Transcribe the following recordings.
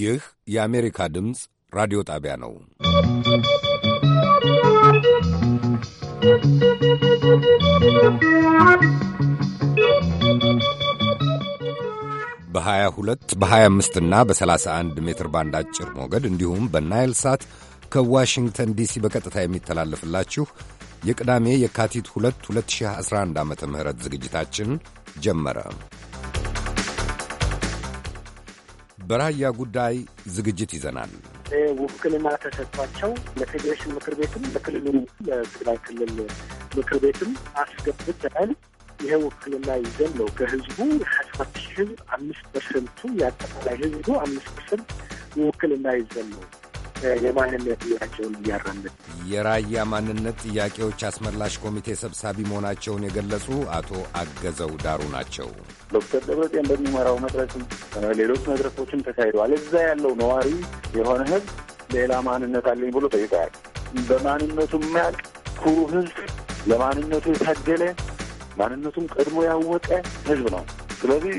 ይህ የአሜሪካ ድምፅ ራዲዮ ጣቢያ ነው። በ22 በ25 እና በ31 ሜትር ባንድ አጭር ሞገድ እንዲሁም በናይል ሳት ከዋሽንግተን ዲሲ በቀጥታ የሚተላለፍላችሁ የቅዳሜ የካቲት 2 2011 ዓ ም ዝግጅታችን ጀመረ። በራያ ጉዳይ ዝግጅት ይዘናል። ውክልና ተሰጥቷቸው ለፌዴሬሽን ምክር ቤትም ለክልሉ ለትግራይ ክልል ምክር ቤትም አስገብተን ይሄ ውክልና ይዘን ነው ከህዝቡ ሰባት ህዝብ አምስት ፐርሰንቱ የአጠቃላይ ህዝቡ አምስት ፐርሰንት ውክልና ይዘን ነው የማንነት ጥያቄውን የራያ ማንነት ጥያቄዎች አስመላሽ ኮሚቴ ሰብሳቢ መሆናቸውን የገለጹ አቶ አገዘው ዳሩ ናቸው። ዶክተር ደብረጽዮን በሚመራው መድረክም ሌሎች መድረኮችም ተካሂደዋል። እዛ ያለው ነዋሪ የሆነ ህዝብ ሌላ ማንነት አለኝ ብሎ ጠይቀዋል። በማንነቱ የማያውቅ ኩሩ ህዝብ ለማንነቱ የታገለ ማንነቱም ቀድሞ ያወቀ ህዝብ ነው። ስለዚህ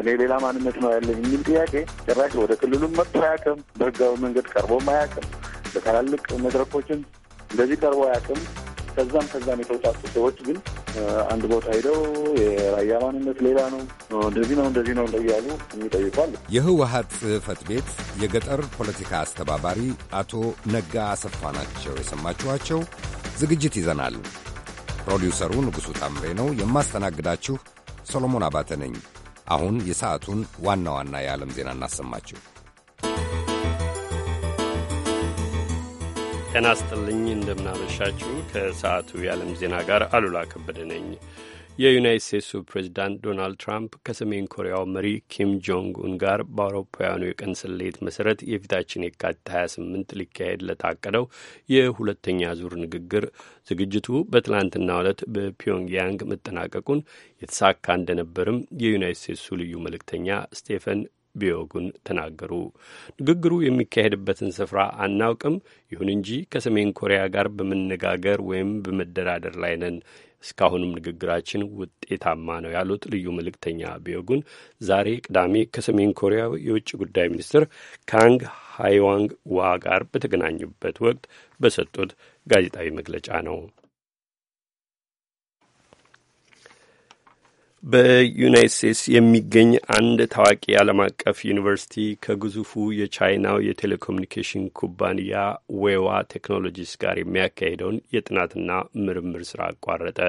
እኔ ሌላ ማንነት ነው ያለኝ የሚል ጥያቄ ጭራሽ ወደ ክልሉም መጥቶ አያውቅም። በህጋዊ መንገድ ቀርቦም አያውቅም። በታላልቅ መድረኮችን እንደዚህ ቀርቦ አያውቅም። ከዛም ከዛም የተውጣጡ ሰዎች ግን አንድ ቦታ ሄደው የራያ ማንነት ሌላ ነው፣ እንደዚህ ነው፣ እንደዚህ ነው እያሉ የሚጠይቋል። የህወሀት ጽህፈት ቤት የገጠር ፖለቲካ አስተባባሪ አቶ ነጋ አሰፋ ናቸው የሰማችኋቸው። ዝግጅት ይዘናል። ፕሮዲውሰሩ ንጉሡ ታምሬ ነው። የማስተናግዳችሁ ሰሎሞን አባተ ነኝ። አሁን የሰዓቱን ዋና ዋና የዓለም ዜና እናሰማችሁ። ጤና ይስጥልኝ፣ እንደምናመሻችሁ። ከሰዓቱ የዓለም ዜና ጋር አሉላ ከበደ ነኝ። የዩናይት ስቴትሱ ፕሬዚዳንት ዶናልድ ትራምፕ ከሰሜን ኮሪያው መሪ ኪም ጆንግ ኡን ጋር በአውሮፓውያኑ የቀን ስሌት መሰረት የፊታችን የካቲት 28 ሊካሄድ ለታቀደው የሁለተኛ ዙር ንግግር ዝግጅቱ በትላንትናው ዕለት በፒዮንግያንግ መጠናቀቁን የተሳካ እንደነበርም የዩናይት ስቴትሱ ልዩ መልእክተኛ ስቴፈን ቢዮጉን ተናገሩ። ንግግሩ የሚካሄድበትን ስፍራ አናውቅም፣ ይሁን እንጂ ከሰሜን ኮሪያ ጋር በመነጋገር ወይም በመደራደር ላይ ነን እስካሁንም ንግግራችን ውጤታማ ነው ያሉት ልዩ መልእክተኛ ቢዮጉን ዛሬ ቅዳሜ ከሰሜን ኮሪያ የውጭ ጉዳይ ሚኒስትር ካንግ ሃይዋንግ ዋ ጋር በተገናኙበት ወቅት በሰጡት ጋዜጣዊ መግለጫ ነው። በዩናይት ስቴትስ የሚገኝ አንድ ታዋቂ ዓለም አቀፍ ዩኒቨርሲቲ ከግዙፉ የቻይናው የቴሌኮሙኒኬሽን ኩባንያ ዌዋ ቴክኖሎጂስ ጋር የሚያካሂደውን የጥናትና ምርምር ስራ አቋረጠ።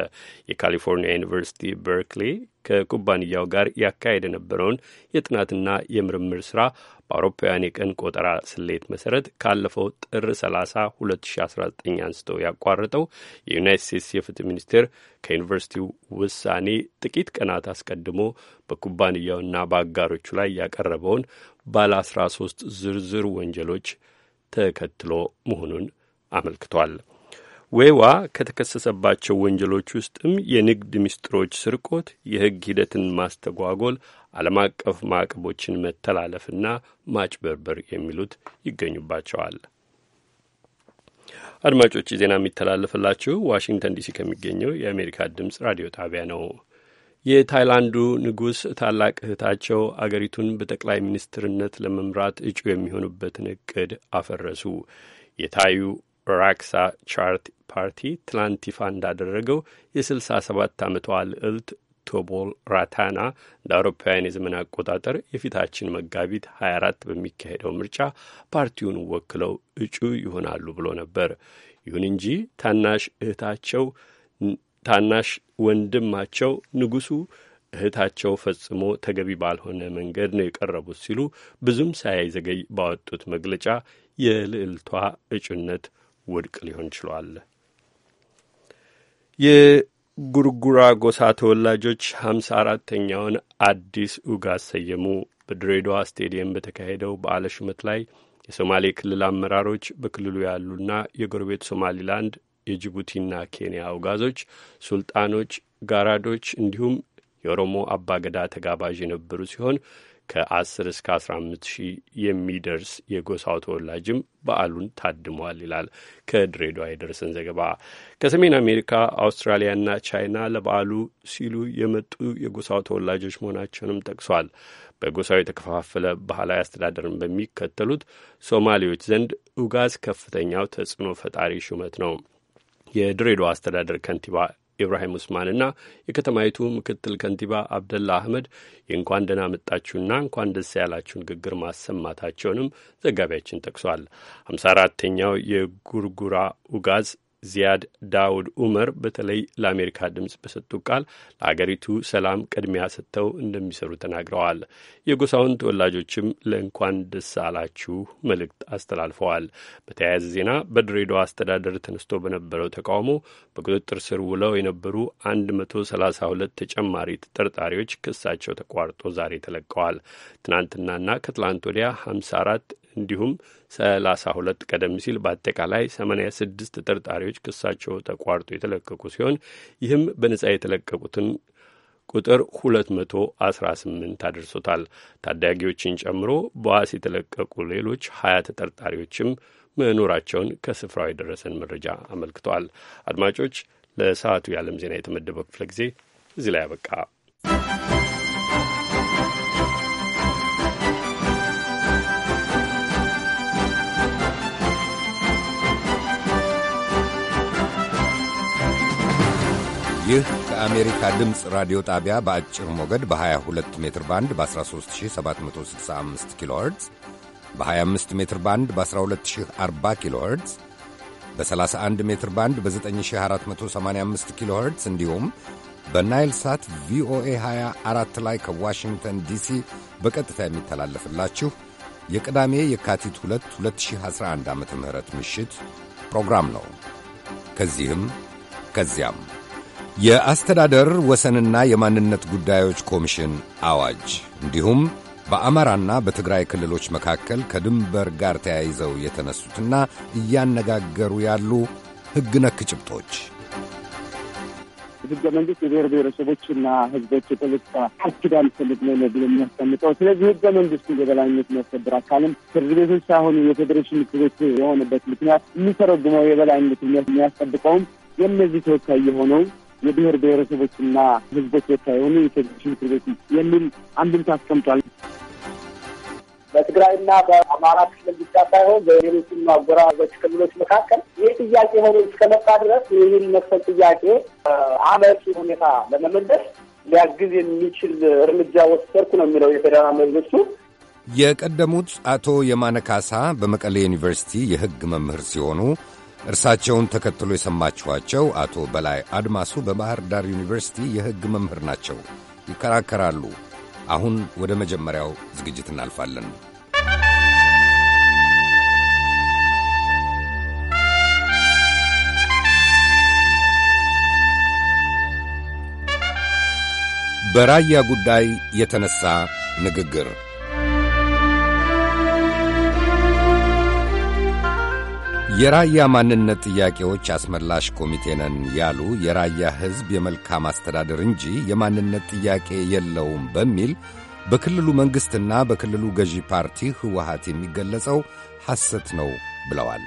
የካሊፎርኒያ ዩኒቨርሲቲ በርክሌ ከኩባንያው ጋር ያካሄደ የነበረውን የጥናትና የምርምር ስራ በአውሮፓውያን የቀን ቆጠራ ስሌት መሰረት ካለፈው ጥር 30 2019 አንስቶ ያቋረጠው የዩናይት ስቴትስ የፍትህ ሚኒስቴር ከዩኒቨርሲቲው ውሳኔ ጥቂት ቀናት አስቀድሞ በኩባንያውና በአጋሮቹ ላይ ያቀረበውን ባለ 13 ዝርዝር ወንጀሎች ተከትሎ መሆኑን አመልክቷል። ዌዋ ከተከሰሰባቸው ወንጀሎች ውስጥም የንግድ ምስጢሮች ስርቆት፣ የሕግ ሂደትን ማስተጓጎል፣ ዓለም አቀፍ ማዕቀቦችን መተላለፍና ማጭበርበር የሚሉት ይገኙባቸዋል። አድማጮች ዜና የሚተላለፍላችሁ ዋሽንግተን ዲሲ ከሚገኘው የአሜሪካ ድምፅ ራዲዮ ጣቢያ ነው። የታይላንዱ ንጉሥ ታላቅ እህታቸው አገሪቱን በጠቅላይ ሚኒስትርነት ለመምራት እጩ የሚሆኑበትን እቅድ አፈረሱ። የታዩ ራክሳ ቻርት ፓርቲ ትላንት ይፋ እንዳደረገው የ67 ዓመቷ ልዕልት ቶቦል ራታና እንደ አውሮፓውያን የዘመን አቆጣጠር የፊታችን መጋቢት 24 በሚካሄደው ምርጫ ፓርቲውን ወክለው እጩ ይሆናሉ ብሎ ነበር። ይሁን እንጂ ታናሽ እህታቸው ታናሽ ወንድማቸው ንጉሱ እህታቸው ፈጽሞ ተገቢ ባልሆነ መንገድ ነው የቀረቡት ሲሉ ብዙም ሳይዘገይ ባወጡት መግለጫ የልዕልቷ እጩነት ውድቅ ሊሆን ችሏል። የጉርጉራ ጎሳ ተወላጆች ሀምሳ አራተኛውን አዲስ ኡጋ ሰየሙ። በድሬዳዋ ስቴዲየም በተካሄደው በዓለ ሹመት ላይ የሶማሌ ክልል አመራሮች በክልሉ ያሉና የጎረቤት ሶማሊላንድ የጅቡቲና ኬንያ አውጋዞች፣ ሱልጣኖች፣ ጋራዶች እንዲሁም የኦሮሞ አባገዳ ተጋባዥ የነበሩ ሲሆን ከ10 እስከ 15 ሺህ የሚደርስ የጎሳው ተወላጅም በዓሉን ታድሟል ይላል ከድሬዳዋ የደረሰን ዘገባ። ከሰሜን አሜሪካ፣ አውስትራሊያና ቻይና ለበዓሉ ሲሉ የመጡ የጎሳው ተወላጆች መሆናቸውንም ጠቅሷል። በጎሳው የተከፋፈለ ባህላዊ አስተዳደርን በሚከተሉት ሶማሌዎች ዘንድ ኡጋዝ ከፍተኛው ተጽዕኖ ፈጣሪ ሹመት ነው። የድሬዳዋ አስተዳደር ከንቲባ ኢብራሂም ኡስማንና የከተማይቱ ምክትል ከንቲባ አብደላ አህመድ የእንኳን ደህና መጣችሁና እንኳን ደስ ያላችሁ ንግግር ማሰማታቸውንም ዘጋቢያችን ጠቅሷል። ሀምሳ አራተኛው የጉርጉራ ኡጋዝ ዚያድ ዳውድ ኡመር በተለይ ለአሜሪካ ድምፅ በሰጡ ቃል ለአገሪቱ ሰላም ቅድሚያ ሰጥተው እንደሚሰሩ ተናግረዋል። የጎሳውን ተወላጆችም ለእንኳን ደስ አላችሁ መልእክት አስተላልፈዋል። በተያያዘ ዜና በድሬዳዋ አስተዳደር ተነስቶ በነበረው ተቃውሞ በቁጥጥር ስር ውለው የነበሩ 132 ተጨማሪ ተጠርጣሪዎች ክሳቸው ተቋርጦ ዛሬ ተለቀዋል። ትናንትናና ከትላንት ወዲያ 54 እንዲሁም ሰላሳ ሁለት ቀደም ሲል በአጠቃላይ ሰማንያ ስድስት ተጠርጣሪዎች ክሳቸው ተቋርጦ የተለቀቁ ሲሆን ይህም በነጻ የተለቀቁትን ቁጥር 218 አድርሶታል። ታዳጊዎችን ጨምሮ በዋስ የተለቀቁ ሌሎች ሀያ ተጠርጣሪዎችም መኖራቸውን ከስፍራው የደረሰን መረጃ አመልክቷል። አድማጮች፣ ለሰዓቱ የዓለም ዜና የተመደበው ክፍለ ጊዜ እዚህ ላይ አበቃ። ይህ ከአሜሪካ ድምፅ ራዲዮ ጣቢያ በአጭር ሞገድ በ22 ሜትር ባንድ በ13765 ኪሎ ኸርትዝ በ25 ሜትር ባንድ በ1240 ኪሎ ኸርትዝ በ31 ሜትር ባንድ በ9485 ኪሎ ኸርትዝ እንዲሁም በናይል ሳት ቪኦኤ 24 ላይ ከዋሽንግተን ዲሲ በቀጥታ የሚተላለፍላችሁ የቅዳሜ የካቲት 2 2011 ዓ ም ምሽት ፕሮግራም ነው። ከዚህም ከዚያም የአስተዳደር ወሰንና የማንነት ጉዳዮች ኮሚሽን አዋጅ እንዲሁም በአማራና በትግራይ ክልሎች መካከል ከድንበር ጋር ተያይዘው የተነሱትና እያነጋገሩ ያሉ ሕግ ነክ ጭብጦች ህገ መንግስት የብሔር ብሔረሰቦችና ህዝቦች የፖለቲካ ሀብት ኪዳን ፈልግ ነው ብሎ የሚያስቀምጠው። ስለዚህ ህገ መንግስቱ የበላይነት የሚያስከብር አካልም ፍርድ ቤቶች ሳይሆኑ የፌዴሬሽን ምክሮች የሆነበት ምክንያት የሚተረጉመው የበላይነት የሚያስጠብቀውም የእነዚህ ተወካይ የሆነው የብሔር ብሔረሰቦችና ህዝቦች ብቻ የሆኑ የፌዴሬሽን ምክር ቤት የሚል አንድምታ አስቀምጧል። በትግራይና በአማራ ክልል ብቻ ሳይሆን በሌሎችም አጎራባች ክልሎች መካከል ይህ ጥያቄ ሆኖ እስከመጣ ድረስ ይህን መሰል ጥያቄ አመቺ ሁኔታ ለመመለስ ሊያግዝ የሚችል እርምጃ ወሰድኩ ነው የሚለው የፌዴራል መንግስቱ። የቀደሙት አቶ የማነ ካሳ በመቀሌ ዩኒቨርሲቲ የህግ መምህር ሲሆኑ እርሳቸውን ተከትሎ የሰማችኋቸው አቶ በላይ አድማሱ በባሕር ዳር ዩኒቨርሲቲ የሕግ መምህር ናቸው። ይከራከራሉ። አሁን ወደ መጀመሪያው ዝግጅት እናልፋለን። በራያ ጉዳይ የተነሳ ንግግር የራያ ማንነት ጥያቄዎች አስመላሽ ኮሚቴ ነን ያሉ የራያ ሕዝብ የመልካም አስተዳደር እንጂ የማንነት ጥያቄ የለውም በሚል በክልሉ መንግሥትና በክልሉ ገዢ ፓርቲ ህወሓት የሚገለጸው ሐሰት ነው ብለዋል።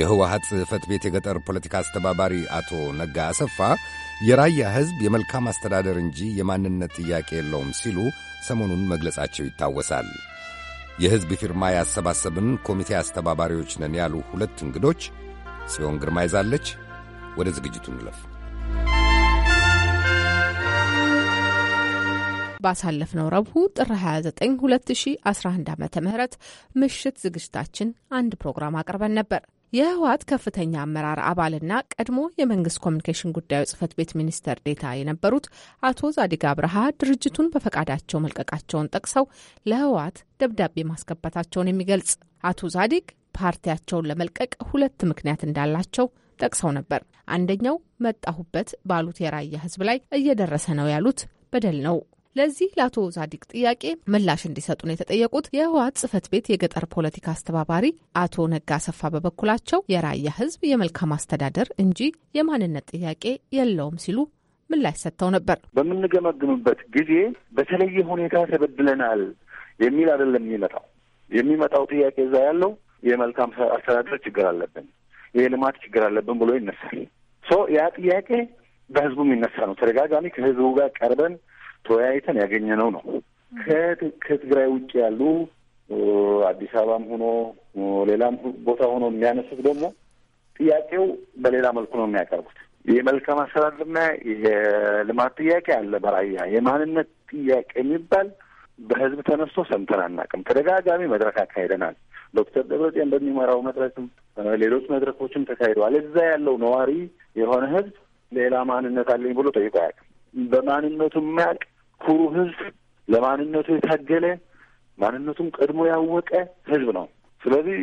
የህወሓት ጽሕፈት ቤት የገጠር ፖለቲካ አስተባባሪ አቶ ነጋ አሰፋ የራያ ሕዝብ የመልካም አስተዳደር እንጂ የማንነት ጥያቄ የለውም ሲሉ ሰሞኑን መግለጻቸው ይታወሳል። የሕዝብ ፊርማ ያሰባሰብን ኮሚቴ አስተባባሪዎች ነን ያሉ ሁለት እንግዶች ጽዮን ግርማ ይዛለች። ወደ ዝግጅቱ እንለፍ። ባሳለፍነው ረቡዕ ጥር 29 2011 ዓ ም ምሽት ዝግጅታችን አንድ ፕሮግራም አቅርበን ነበር። የህወሀት ከፍተኛ አመራር አባልና ቀድሞ የመንግስት ኮሚኒኬሽን ጉዳዩ ጽህፈት ቤት ሚኒስተር ዴታ የነበሩት አቶ ዛዲግ አብርሃ ድርጅቱን በፈቃዳቸው መልቀቃቸውን ጠቅሰው ለህወሀት ደብዳቤ ማስገባታቸውን የሚገልጽ አቶ ዛዲግ ፓርቲያቸውን ለመልቀቅ ሁለት ምክንያት እንዳላቸው ጠቅሰው ነበር። አንደኛው መጣሁበት ባሉት የራያ ህዝብ ላይ እየደረሰ ነው ያሉት በደል ነው። ለዚህ ለአቶ ዛዲቅ ጥያቄ ምላሽ እንዲሰጡ ነው የተጠየቁት። የህወሀት ጽህፈት ቤት የገጠር ፖለቲካ አስተባባሪ አቶ ነጋ አሰፋ በበኩላቸው የራያ ህዝብ የመልካም አስተዳደር እንጂ የማንነት ጥያቄ የለውም ሲሉ ምላሽ ሰጥተው ነበር። በምንገመግምበት ጊዜ በተለየ ሁኔታ ተበድለናል የሚል አይደለም የሚመጣው የሚመጣው ጥያቄ እዛ ያለው የመልካም አስተዳደር ችግር አለብን፣ የልማት ችግር አለብን ብሎ ይነሳል። ሶ ያ ጥያቄ በህዝቡ የሚነሳ ነው። ተደጋጋሚ ከህዝቡ ጋር ቀርበን ተወያይተን ያገኘነው ነው። ከትግራይ ውጭ ያሉ አዲስ አበባም ሆኖ ሌላም ቦታ ሆኖ የሚያነሱት ደግሞ ጥያቄው በሌላ መልኩ ነው የሚያቀርቡት። የመልካም አሰራርና የልማት ጥያቄ አለ በራያ የማንነት ጥያቄ የሚባል በህዝብ ተነስቶ ሰምተን አናውቅም። ተደጋጋሚ መድረክ አካሄደናል። ዶክተር ደብረጤን በሚመራው መድረክም ሌሎች መድረኮችም ተካሂደዋል። እዛ ያለው ነዋሪ የሆነ ህዝብ ሌላ ማንነት አለኝ ብሎ ጠይቆ አያውቅም። በማንነቱ የማያውቅ ኩሩ ህዝብ፣ ለማንነቱ የታገለ ማንነቱም ቀድሞ ያወቀ ህዝብ ነው። ስለዚህ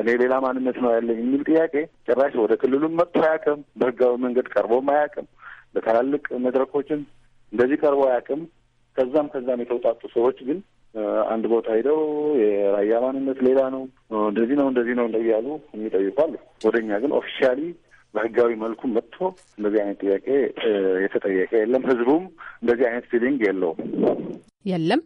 እኔ ሌላ ማንነት ነው ያለኝ የሚል ጥያቄ ጭራሽ ወደ ክልሉም መጥቶ አያውቅም። በህጋዊ መንገድ ቀርቦም አያውቅም። በትላልቅ መድረኮችም እንደዚህ ቀርቦ አያውቅም። ከዛም ከዛም የተውጣጡ ሰዎች ግን አንድ ቦታ ሄደው የራያ ማንነት ሌላ ነው እንደዚህ ነው እንደዚህ ነው እንደያሉ የሚጠይቋሉ። ወደኛ ግን ኦፊሻሊ በህጋዊ መልኩ መጥቶ እንደዚህ አይነት ጥያቄ የተጠየቀ የለም። ህዝቡም እንደዚህ አይነት ፊሊንግ የለውም የለም።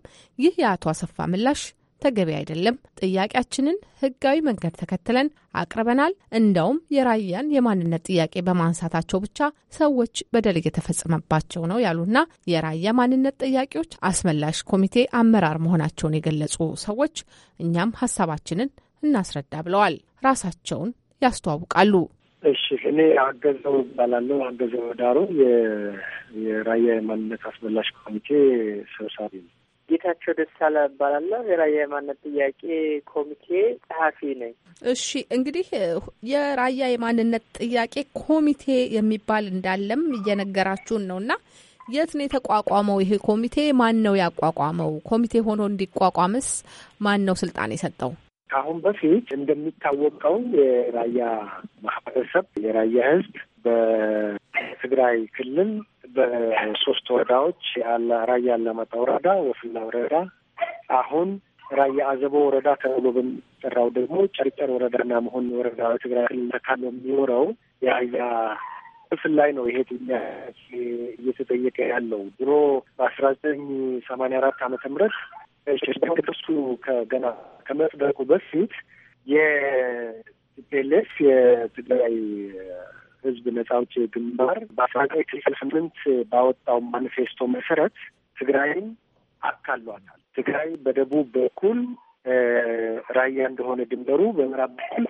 ይህ የአቶ አሰፋ ምላሽ ተገቢ አይደለም። ጥያቄያችንን ህጋዊ መንገድ ተከትለን አቅርበናል። እንደውም የራያን የማንነት ጥያቄ በማንሳታቸው ብቻ ሰዎች በደል እየተፈጸመባቸው ነው ያሉና የራያ ማንነት ጥያቄዎች አስመላሽ ኮሚቴ አመራር መሆናቸውን የገለጹ ሰዎች እኛም ሀሳባችንን እናስረዳ ብለዋል። ራሳቸውን ያስተዋውቃሉ። እሺ እኔ አገዘው እባላለሁ። አገዘው ዳሩ የራያ የማንነት አስመላሽ ኮሚቴ ሰብሳቢ ነው። ጌታቸው ደሳለ እባላለሁ። የራያ የማንነት ጥያቄ ኮሚቴ ጸሐፊ ነኝ። እሺ እንግዲህ የራያ የማንነት ጥያቄ ኮሚቴ የሚባል እንዳለም እየነገራችሁን ነው እና የት ነው የተቋቋመው ይሄ ኮሚቴ? ማን ነው ያቋቋመው? ኮሚቴ ሆኖ እንዲቋቋምስ ማን ነው ስልጣን የሰጠው? ከአሁን በፊት እንደሚታወቀው የራያ ማህበረሰብ የራያ ህዝብ በትግራይ ክልል በሶስት ወረዳዎች ራያ አላማጣ ወረዳ፣ ወፍላ ወረዳ አሁን ራያ አዘቦ ወረዳ ተብሎ በሚጠራው ደግሞ ጨርጨር ወረዳና መሆን ወረዳ በትግራይ ክልል ተካሎ የሚኖረው የራያ ክፍል ላይ ነው ይሄ እየተጠየቀ ያለው ድሮ በአስራ ዘጠኝ ሰማንያ አራት ዓመተ ምህረት ክሱ ከገና ከመጽደቁ በፊት የቲፒኤልኤፍ የትግራይ ህዝብ ነጻ አውጪ ግንባር በአስራ ዘጠኝ ስልሳ ስምንት ባወጣው ማኒፌስቶ መሰረት ትግራይን አካሏታል። ትግራይ በደቡብ በኩል ራያ እንደሆነ ድንበሩ፣ በምዕራብ በኩል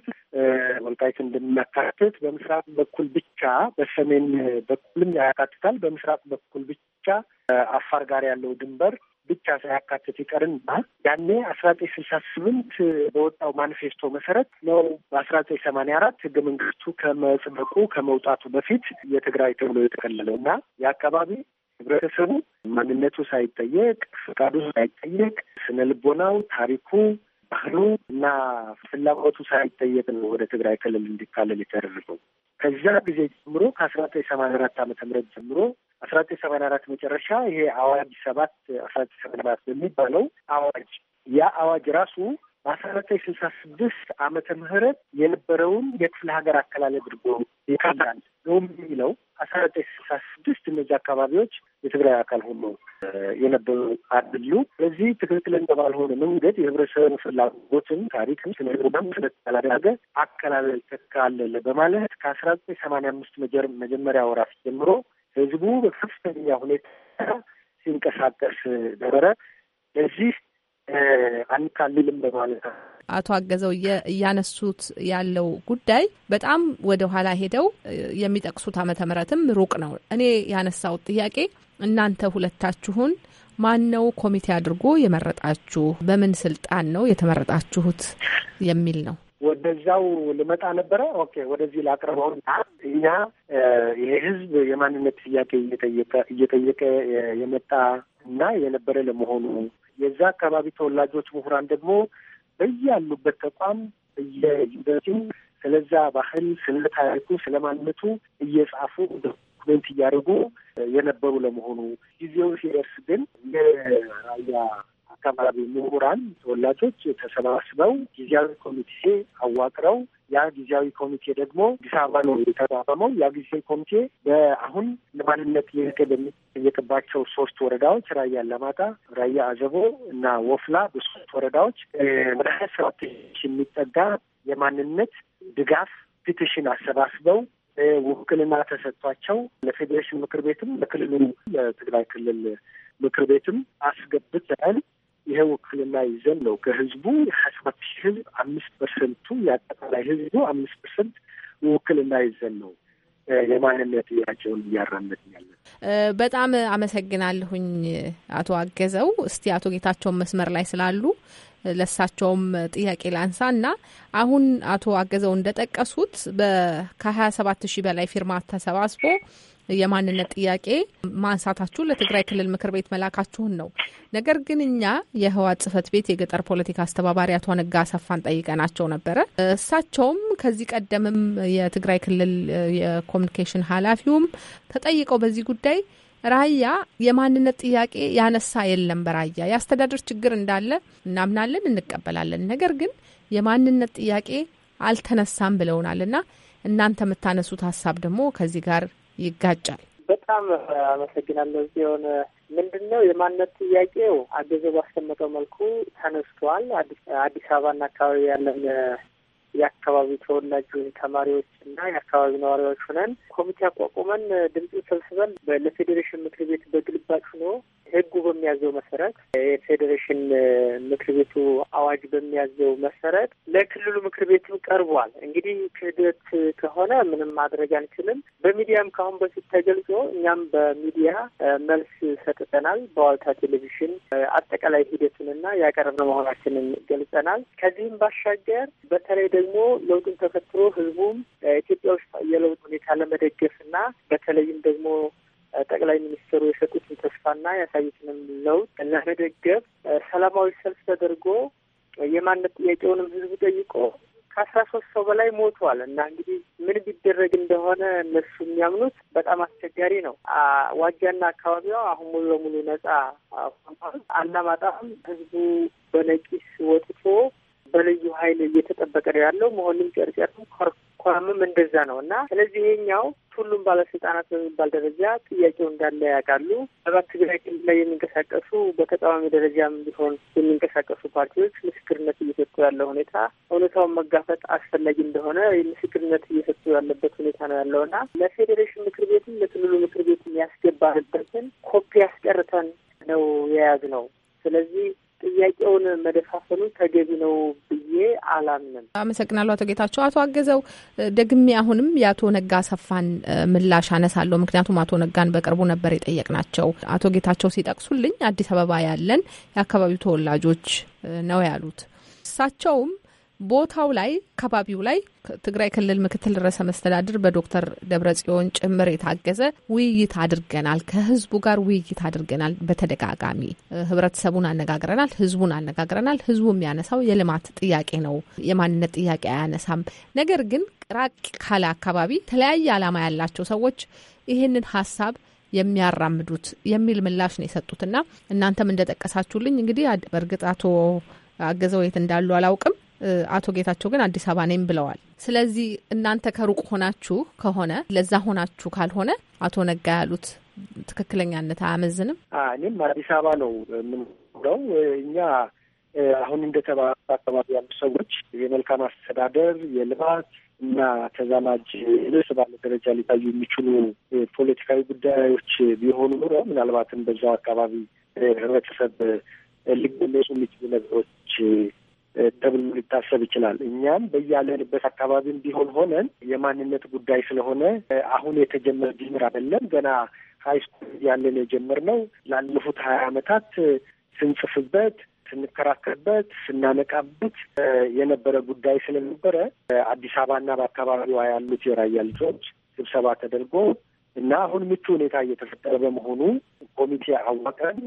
ወልቃይት እንደሚያካትት፣ በምስራቅ በኩል ብቻ በሰሜን በኩልም ያካትታል፣ በምስራቅ በኩል ብቻ አፋር ጋር ያለው ድንበር ብቻ ሳያካትት ይቀርና ያኔ አስራ ዘጠኝ ስልሳ ስምንት በወጣው ማኒፌስቶ መሰረት ነው በአስራ ዘጠኝ ሰማንያ አራት ህገ መንግስቱ ከመጽበቁ ከመውጣቱ በፊት የትግራይ ተብሎ የተከለለው እና የአካባቢ ህብረተሰቡ ማንነቱ ሳይጠየቅ ፈቃዱ ሳይጠየቅ ስነ ልቦናው፣ ታሪኩ፣ ባህሉ እና ፍላጎቱ ሳይጠየቅ ነው ወደ ትግራይ ክልል እንዲካለል የተደረገው። ከዛ ጊዜ ጀምሮ ከአስራ ዘጠኝ ሰማንያ አራት ዓመተ ምህረት ጀምሮ አስራ ዘጠኝ ሰማንያ አራት መጨረሻ ይሄ አዋጅ ሰባት አስራ ዘጠኝ ሰማንያ አራት በሚባለው አዋጅ ያ አዋጅ ራሱ በአስራ ዘጠኝ ስልሳ ስድስት ዓመተ ምህረት የነበረውን የክፍለ ሀገር አከላለ ድርጎ ይካላል ነው የሚለው አስራ ዘጠኝ ስልሳ ስድስት እነዚህ አካባቢዎች የትግራይ አካል ሆኖ የነበሩ አድሉ። ስለዚህ ትክክለኛ ባልሆነ መንገድ የህብረተሰብን ፍላጎትን፣ ታሪክን፣ ስነ ልቦናም ስለተላደረገ አቀላበል ተካለለ በማለት ከአስራ ዘጠኝ ሰማንያ አምስት መጀመሪያ ወራት ጀምሮ ህዝቡ በከፍተኛ ሁኔታ ሲንቀሳቀስ ነበረ። ለዚህ አንካልልም በማለት አቶ አገዘው እያነሱት ያለው ጉዳይ በጣም ወደ ኋላ ሄደው የሚጠቅሱት ዓመተ ምሕረትም ሩቅ ነው። እኔ ያነሳው ጥያቄ እናንተ ሁለታችሁን ማን ነው ኮሚቴ አድርጎ የመረጣችሁ? በምን ስልጣን ነው የተመረጣችሁት? የሚል ነው። ወደዛው ልመጣ ነበረ። ኦኬ፣ ወደዚህ ላቅርበውና እኛ ይሄ ህዝብ የማንነት ጥያቄ እየጠየቀ እየጠየቀ የመጣ እና የነበረ ለመሆኑ የዛ አካባቢ ተወላጆች ምሁራን ደግሞ በያሉበት ተቋም በየዩኒቨርሲቲው ስለዛ ባህል፣ ስለ ታሪኩ፣ ስለ ማንነቱ እየጻፉ ዶክመንት እያደረጉ የነበሩ ለመሆኑ ጊዜው ሲደርስ ግን የራያ አካባቢ ምሁራን ተወላጆች ተሰባስበው ጊዜያዊ ኮሚቴ አዋቅረው ያ ጊዜያዊ ኮሚቴ ደግሞ አዲስ አበባ ነው የተቋቋመው። ያ ጊዜያዊ ኮሚቴ በአሁን ለማንነት ጥያቄ በሚጠየቅባቸው ሶስት ወረዳዎች ራያ አላማጣ፣ ራያ አዘቦ እና ወፍላ በሶስት ወረዳዎች ወደ ሀያ ሰባት ሺህ የሚጠጋ የማንነት ድጋፍ ፒቲሽን አሰባስበው ውክልና ተሰጥቷቸው ለፌዴሬሽን ምክር ቤትም ለክልሉ ለትግራይ ክልል ምክር ቤትም አስገብተን ይሄ ውክልና ይዘን ነው ከህዝቡ ሀያ ሰባት ሺህ ህዝብ አምስት ፐርሰንቱ የአጠቃላይ ህዝቡ አምስት ፐርሰንት ውክልና ይዘን ነው የማንነት ጥያቄውን እያራመድን ያለን። በጣም አመሰግናለሁኝ አቶ አገዘው። እስቲ አቶ ጌታቸውን መስመር ላይ ስላሉ ለሳቸውም ጥያቄ ላንሳ እና አሁን አቶ አገዘው እንደጠቀሱት ከሀያ ሰባት ሺህ በላይ ፊርማ ተሰባስቦ የማንነት ጥያቄ ማንሳታችሁ ለትግራይ ክልል ምክር ቤት መላካችሁን ነው። ነገር ግን እኛ የህወሓት ጽህፈት ቤት የገጠር ፖለቲካ አስተባባሪ አቶ ነጋ አሰፋን ጠይቀናቸው ነበረ። እሳቸውም ከዚህ ቀደምም የትግራይ ክልል የኮሚኒኬሽን ኃላፊውም ተጠይቀው በዚህ ጉዳይ ራያ የማንነት ጥያቄ ያነሳ የለም። በራያ የአስተዳደር ችግር እንዳለ እናምናለን፣ እንቀበላለን። ነገር ግን የማንነት ጥያቄ አልተነሳም ብለውናል እና እናንተ የምታነሱት ሀሳብ ደግሞ ከዚህ ጋር ይጋጫል። በጣም አመሰግናለሁ ሲሆን ምንድን ነው የማንነት ጥያቄው አገዘ ባስቀመጠው መልኩ ተነስቷል። አዲስ አበባና አካባቢ ያለን የአካባቢው ተወላጅ ተማሪዎች እና የአካባቢ ነዋሪዎች ሆነን ኮሚቴ አቋቁመን ድምፅ ሰብስበን ለፌዴሬሽን ምክር ቤት በግልባጭ ሆኖ ህጉ በሚያዘው መሰረት የፌዴሬሽን ምክር ቤቱ አዋጅ በሚያዘው መሰረት ለክልሉ ምክር ቤትም ቀርቧል። እንግዲህ ክህደት ከሆነ ምንም ማድረግ አንችልም። በሚዲያም ከአሁን በፊት ተገልጾ እኛም በሚዲያ መልስ ሰጥተናል። በዋልታ ቴሌቪዥን አጠቃላይ ሂደቱንና ያቀረብነው መሆናችንን ገልጸናል። ከዚህም ባሻገር በተለይ ደግሞ ደግሞ ለውጡን ተከትሎ ህዝቡም ኢትዮጵያ ውስጥ የለውጥ ሁኔታ ለመደገፍና በተለይም ደግሞ ጠቅላይ ሚኒስትሩ የሰጡትን ተስፋና ያሳዩትንም ለውጥ ለመደገፍ ሰላማዊ ሰልፍ ተደርጎ የማንነት ጥያቄውንም ህዝቡ ጠይቆ ከአስራ ሶስት ሰው በላይ ሞቷል እና እንግዲህ ምን ቢደረግ እንደሆነ እነሱ የሚያምኑት በጣም አስቸጋሪ ነው። ዋጃና አካባቢዋ አሁን ሙሉ ለሙሉ ነጻ ሆኗል። አላማጣም ህዝቡ በነቂስ ወጥቶ በልዩ ኃይል እየተጠበቀ ነው ያለው። መሆንም ጨርጨርም ኮረምም እንደዛ ነው እና ስለዚህ ይሄኛው ሁሉም ባለስልጣናት በሚባል ደረጃ ጥያቄው እንዳለ ያውቃሉ። ምናልባት ትግራይ ክልል ላይ የሚንቀሳቀሱ በተቃዋሚ ደረጃም ቢሆን የሚንቀሳቀሱ ፓርቲዎች ምስክርነት እየሰጡ ያለው ሁኔታ እውነታውን መጋፈጥ አስፈላጊ እንደሆነ ምስክርነት እየሰጡ ያለበት ሁኔታ ነው ያለው እና ለፌዴሬሽን ምክር ቤትም ለክልሉ ምክር ቤትም ያስገባንበትን ኮፒ ያስቀርተን ነው የያዝ ነው። ስለዚህ ጥያቄውን መደፋፈኑ ተገቢ ነው ብዬ አላምንም። አመሰግናለሁ አቶ ጌታቸው። አቶ አገዘው ደግሜ አሁንም የአቶ ነጋ ሰፋን ምላሽ አነሳለሁ። ምክንያቱም አቶ ነጋን በቅርቡ ነበር የጠየቅናቸው። አቶ ጌታቸው ሲጠቅሱልኝ አዲስ አበባ ያለን የአካባቢው ተወላጆች ነው ያሉት። እሳቸውም ቦታው ላይ አካባቢው ላይ ትግራይ ክልል ምክትል ርዕሰ መስተዳድር በዶክተር ደብረጽዮን ጭምር የታገዘ ውይይት አድርገናል። ከህዝቡ ጋር ውይይት አድርገናል። በተደጋጋሚ ህብረተሰቡን አነጋግረናል። ህዝቡን አነጋግረናል። ህዝቡ የሚያነሳው የልማት ጥያቄ ነው። የማንነት ጥያቄ አያነሳም። ነገር ግን ራቅ ካለ አካባቢ ተለያየ ዓላማ ያላቸው ሰዎች ይህንን ሀሳብ የሚያራምዱት የሚል ምላሽ ነው የሰጡትና እናንተም እንደጠቀሳችሁልኝ እንግዲህ በእርግጥ አቶ አገዘው የት እንዳሉ አላውቅም አቶ ጌታቸው ግን አዲስ አበባ ነኝ ብለዋል። ስለዚህ እናንተ ከሩቅ ሆናችሁ ከሆነ ለዛ ሆናችሁ ካልሆነ አቶ ነጋ ያሉት ትክክለኛነት አያመዝንም። እኔም አዲስ አበባ ነው የምንኖረው። እኛ አሁን እንደተባሉ አካባቢ ያሉ ሰዎች የመልካም አስተዳደር የልማት እና ተዛማጅ ርዕስ ባለ ደረጃ ሊታዩ የሚችሉ ፖለቲካዊ ጉዳዮች ቢሆኑ ኑሮ ምናልባትም በዛው አካባቢ ህብረተሰብ ሊገለጹ የሚችሉ ነገሮች ተብሎ ሊታሰብ ይችላል። እኛም በያለንበት አካባቢም ቢሆን ሆነን የማንነት ጉዳይ ስለሆነ አሁን የተጀመረ ጅምር አይደለም። ገና ሀይስኩል ያለን የጀመርነው ላለፉት ሀያ ዓመታት ስንጽፍበት ስንከራከርበት ስናነቃበት የነበረ ጉዳይ ስለነበረ አዲስ አበባና በአካባቢዋ ያሉት የራያ ልጆች ስብሰባ ተደርጎ እና አሁን ምቹ ሁኔታ እየተፈጠረ በመሆኑ ኮሚቴ አዋቀን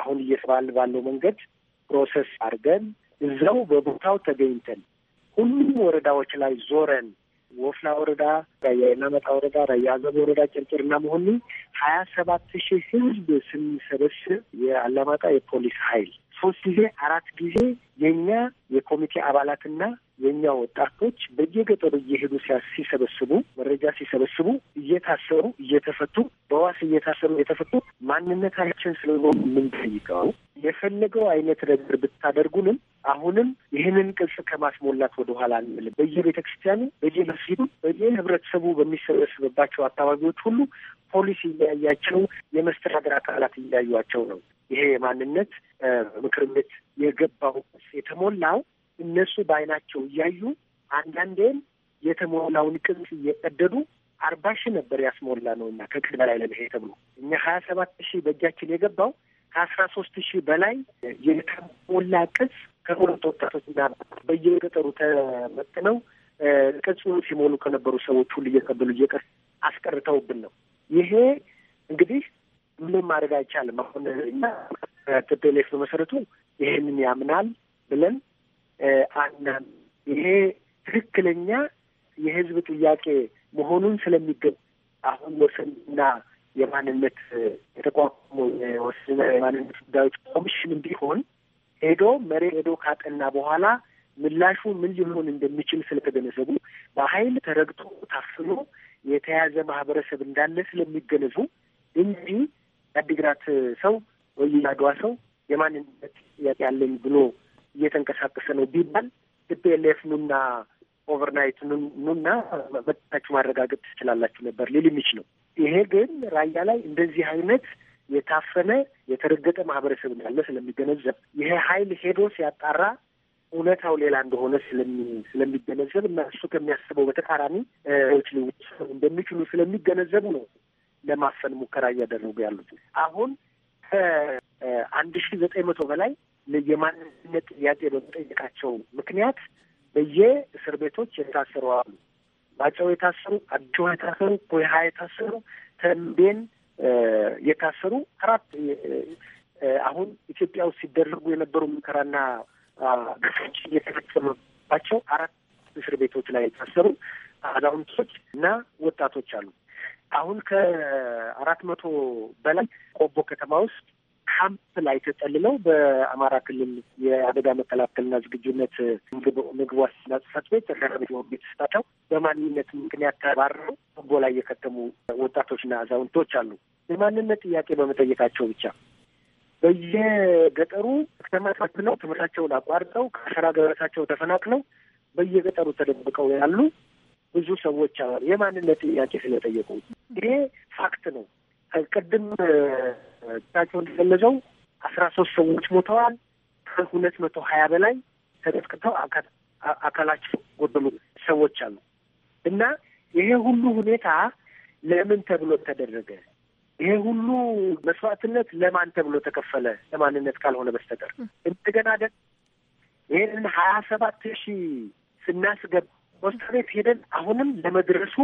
አሁን እየተባለ ባለው መንገድ ፕሮሰስ አድርገን እዛው በቦታው ተገኝተን ሁሉም ወረዳዎች ላይ ዞረን ወፍላ ወረዳ፣ ራያናመጣ ወረዳ፣ ራያዘብ ወረዳ፣ ጭርጭርና መሆኑ ሀያ ሰባት ሺህ ህዝብ ስንሰበስብ የአላማጣ የፖሊስ ኃይል ሶስት ጊዜ አራት ጊዜ የእኛ የኮሚቴ አባላትና የእኛ ወጣቶች በየገጠሩ እየሄዱ ሲሰበስቡ መረጃ ሲሰበስቡ እየታሰሩ እየተፈቱ በዋስ እየታሰሩ እየተፈቱ ማንነታችን ስለሆኑ የምንጠይቀው የፈለገው አይነት ነገር ብታደርጉንም አሁንም ይህንን ቅጽ ከማስሞላት ወደኋላ አንልም። በየቤተ ክርስቲያኑ፣ በየመስጊዱ፣ በየህብረተሰቡ በሚሰበስብባቸው አካባቢዎች ሁሉ ፖሊስ እያያቸው የመስተዳደር አካላት እያዩቸው ነው። ይሄ የማንነት ምክር ቤት የገባው የተሞላው እነሱ በአይናቸው እያዩ አንዳንዴም የተሞላውን ቅጽ እየቀደዱ አርባ ሺህ ነበር ያስሞላ ነው እና ከቅድ በላይ ለመሄድ ተብሎ እኛ ሀያ ሰባት ሺህ በእጃችን የገባው ከአስራ ሶስት ሺህ በላይ የተሞላ ቅጽ ከሁለት ወጣቶች እና በየገጠሩ ተመጥነው ቅጹን ሲሞሉ ከነበሩ ሰዎች ሁሉ እየቀበሉ እየቀር አስቀርተውብን ነው። ይሄ እንግዲህ ምንም ማድረግ አይቻልም። አሁን እኛ ቲፒኤልኤፍ በመሰረቱ ይሄንን ያምናል ብለን አና ይሄ ትክክለኛ የህዝብ ጥያቄ መሆኑን ስለሚገባ አሁን ወሰንና የማንነት የተቋቋመው የወሰንና የማንነት ጉዳዮች ኮሚሽን ቢሆን ሄዶ መሬት ሄዶ ካጠና በኋላ ምላሹ ምን ሊሆን እንደሚችል ስለተገነዘቡ በኃይል ተረግቶ ታፍኖ የተያዘ ማህበረሰብ እንዳለ ስለሚገነዙ እንጂ የአዲግራት ሰው ወይ ያድዋ ሰው የማንነት ጥያቄ ያለኝ ብሎ እየተንቀሳቀሰ ነው ቢባል ቲፒኤልኤፍ ኑና ኦቨርናይት ኑና መጥታችሁ ማረጋገጥ ትችላላችሁ ነበር ሊል የሚችለው ይሄ ግን ራያ ላይ እንደዚህ አይነት የታፈነ የተረገጠ ማህበረሰብ እንዳለ ስለሚገነዘብ ይሄ ሀይል ሄዶ ሲያጣራ እውነታው ሌላ እንደሆነ ስለሚ ስለሚገነዘብ እና እሱ ከሚያስበው በተቃራኒ ዎች ሊውስ እንደሚችሉ ስለሚገነዘቡ ነው ለማፈን ሙከራ እያደረጉ ያሉት አሁን ከአንድ ሺ ዘጠኝ መቶ በላይ የማንነት ጥያቄ በመጠየቃቸው ምክንያት በየእስር ቤቶች የታሰሩ አሉ። ባጫው የታሰሩ፣ አዲዋ የታሰሩ፣ ኮይሃ የታሰሩ፣ ተንቤን የታሰሩ አራት አሁን ኢትዮጵያ ውስጥ ሲደረጉ የነበሩ ሙከራና ግፎች እየተፈጸመባቸው አራት እስር ቤቶች ላይ የታሰሩ አዛውንቶች እና ወጣቶች አሉ። አሁን ከአራት መቶ በላይ ቆቦ ከተማ ውስጥ ካምፕ ላይ ተጠልለው በአማራ ክልል የአደጋ መከላከልና ዝግጁነት ምግብ ዋስትና ጽሕፈት ቤት ተደረገ ቤተሰባቸው በማንነት ምክንያት ተባረው ቆቦ ላይ የከተሙ ወጣቶችና አዛውንቶች አሉ። የማንነት ጥያቄ በመጠየቃቸው ብቻ በየገጠሩ ከተማ ተፈትነው ትምህርታቸውን አቋርጠው ከስራ ገበታቸው ተፈናቅለው በየገጠሩ ተደብቀው ያሉ ብዙ ሰዎች አሉ የማንነት ጥያቄ ስለጠየቁ ይሄ ፋክት ነው። ቅድም ቸው እንደገለጸው አስራ ሶስት ሰዎች ሞተዋል። ከሁለት መቶ ሀያ በላይ ተጠቅተው አካላቸው ጎደሉ ሰዎች አሉ እና ይሄ ሁሉ ሁኔታ ለምን ተብሎ ተደረገ? ይሄ ሁሉ መስዋዕትነት ለማን ተብሎ ተከፈለ? ለማንነት ካልሆነ በስተቀር እንደገና ደ ይህንን ሀያ ሰባት ሺህ ስናስገባ ፖስታ ቤት ሄደን አሁንም ለመድረሱ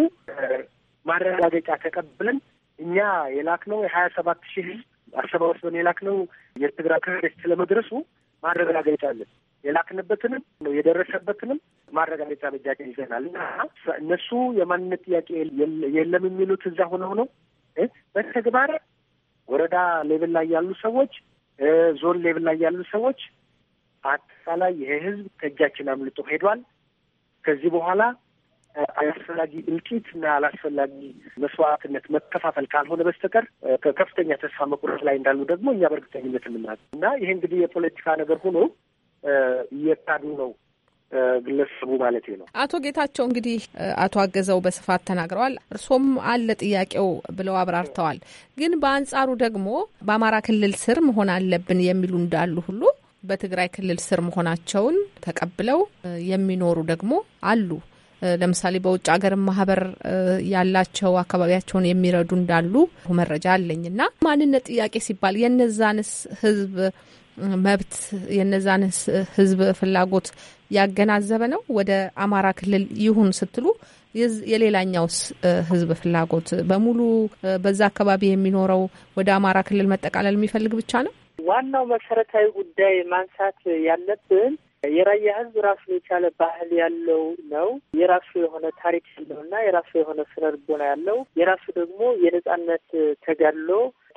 ማረጋገጫ ተቀብለን እኛ የላክነው የሀያ ሰባት ሺህ ህዝብ አሰባስበን የላክነው የትግራይ ክልል ስለመድረሱ ማረጋገጫ አለን። የላክንበትንም የደረሰበትንም ማረጋገጫ በእጃችን ይዘናል እና እነሱ የማንነት ጥያቄ የለም የሚሉት እዛ ሆነው ነው በተግባር ወረዳ ሌቭል ላይ ያሉ ሰዎች፣ ዞን ሌቭል ላይ ያሉ ሰዎች አጠቃላይ ይሄ ህዝብ ከእጃችን አምልጦ ሄዷል። ከዚህ በኋላ አላስፈላጊ እልቂት እና አላስፈላጊ መስዋዕትነት መከፋፈል ካልሆነ በስተቀር ከከፍተኛ ተስፋ መቁረጥ ላይ እንዳሉ ደግሞ እኛ በእርግጠኝነት እንናገር እና ይሄ እንግዲህ የፖለቲካ ነገር ሆኖ እየታዱ ነው ግለሰቡ ማለት ነው። አቶ ጌታቸው እንግዲህ አቶ አገዘው በስፋት ተናግረዋል። እርሶም አለ ጥያቄው ብለው አብራርተዋል። ግን በአንጻሩ ደግሞ በአማራ ክልል ስር መሆን አለብን የሚሉ እንዳሉ ሁሉ በትግራይ ክልል ስር መሆናቸውን ተቀብለው የሚኖሩ ደግሞ አሉ። ለምሳሌ በውጭ ሀገር ማህበር ያላቸው አካባቢያቸውን የሚረዱ እንዳሉ መረጃ አለኝ እና ማንነት ጥያቄ ሲባል የነዛንስ ህዝብ መብት የነዛንስ ህዝብ ፍላጎት ያገናዘበ ነው። ወደ አማራ ክልል ይሁን ስትሉ የሌላኛውስ ህዝብ ፍላጎት በሙሉ በዛ አካባቢ የሚኖረው ወደ አማራ ክልል መጠቃለል የሚፈልግ ብቻ ነው። ዋናው መሰረታዊ ጉዳይ ማንሳት ያለብን የራያ ህዝብ ራሱን የቻለ ባህል ያለው ነው። የራሱ የሆነ ታሪክ ያለው እና የራሱ የሆነ ስነ ልቦና ያለው የራሱ ደግሞ የነጻነት ተጋድሎ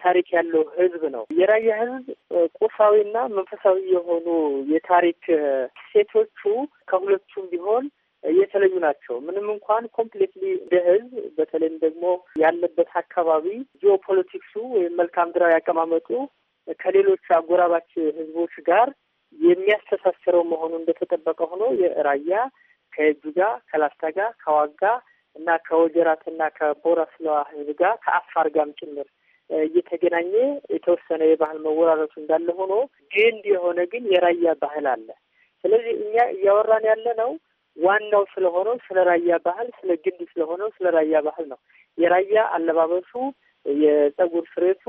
ታሪክ ያለው ህዝብ ነው። የራያ ህዝብ ቁሳዊና መንፈሳዊ የሆኑ የታሪክ ሴቶቹ ከሁለቱም ቢሆን የተለዩ ናቸው። ምንም እንኳን ኮምፕሌትሊ እንደ ህዝብ በተለይም ደግሞ ያለበት አካባቢ ጂኦፖለቲክሱ ወይም መልካም ድራዊ አቀማመጡ ከሌሎች አጎራባች ህዝቦች ጋር የሚያስተሳስረው መሆኑ እንደተጠበቀ ሆኖ የራያ ጋር ከላስታ ጋር፣ ከዋጋ እና ከወጀራትና ከቦራስለዋ ህዝብ ጋር ከአፋር ጋርም ጭምር እየተገናኘ የተወሰነ የባህል መወራረሱ እንዳለ ሆኖ ግንድ የሆነ ግን የራያ ባህል አለ። ስለዚህ እኛ እያወራን ያለ ነው ዋናው ስለሆነው ስለ ራያ ባህል፣ ስለ ግንድ ስለሆነው ስለ ራያ ባህል ነው። የራያ አለባበሱ የጸጉር ስሬቱ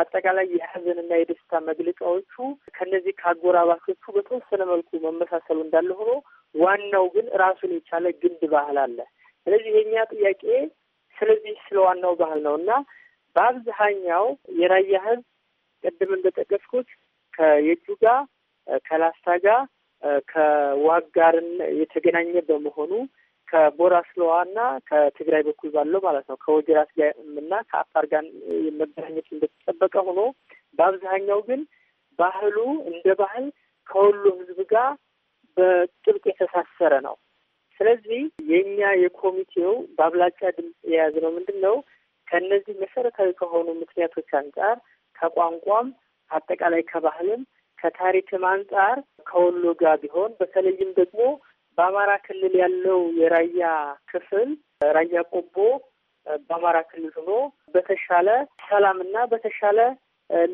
አጠቃላይ የሀዘንና የደስታ መግለጫዎቹ ከነዚህ ከአጎራባቾቹ በተወሰነ መልኩ መመሳሰሉ እንዳለ ሆኖ ዋናው ግን ራሱን የቻለ ግንድ ባህል አለ። ስለዚህ የኛ ጥያቄ ስለዚህ ስለ ዋናው ባህል ነው እና በአብዛኛው የራያ ህዝብ ቅድም እንደጠቀስኩት ከየጁ ጋር ከላስታ ጋር ከዋግ ጋር የተገናኘ በመሆኑ ከቦራስለዋ እና ከትግራይ በኩል ባለው ማለት ነው ከወጀራት ጋር እና ከአፋር ጋር መገናኘት እንደተጠበቀ ሆኖ በአብዛኛው ግን ባህሉ እንደ ባህል ከወሎ ህዝብ ጋር በጥብቅ የተሳሰረ ነው። ስለዚህ የእኛ የኮሚቴው በአብላጫ ድምፅ የያዝ ነው ምንድን ነው ከእነዚህ መሰረታዊ ከሆኑ ምክንያቶች አንጻር ከቋንቋም አጠቃላይ ከባህልም ከታሪክም አንጻር ከወሎ ጋር ቢሆን በተለይም ደግሞ በአማራ ክልል ያለው የራያ ክፍል ራያ ቆቦ በአማራ ክልል ሆኖ በተሻለ ሰላምና በተሻለ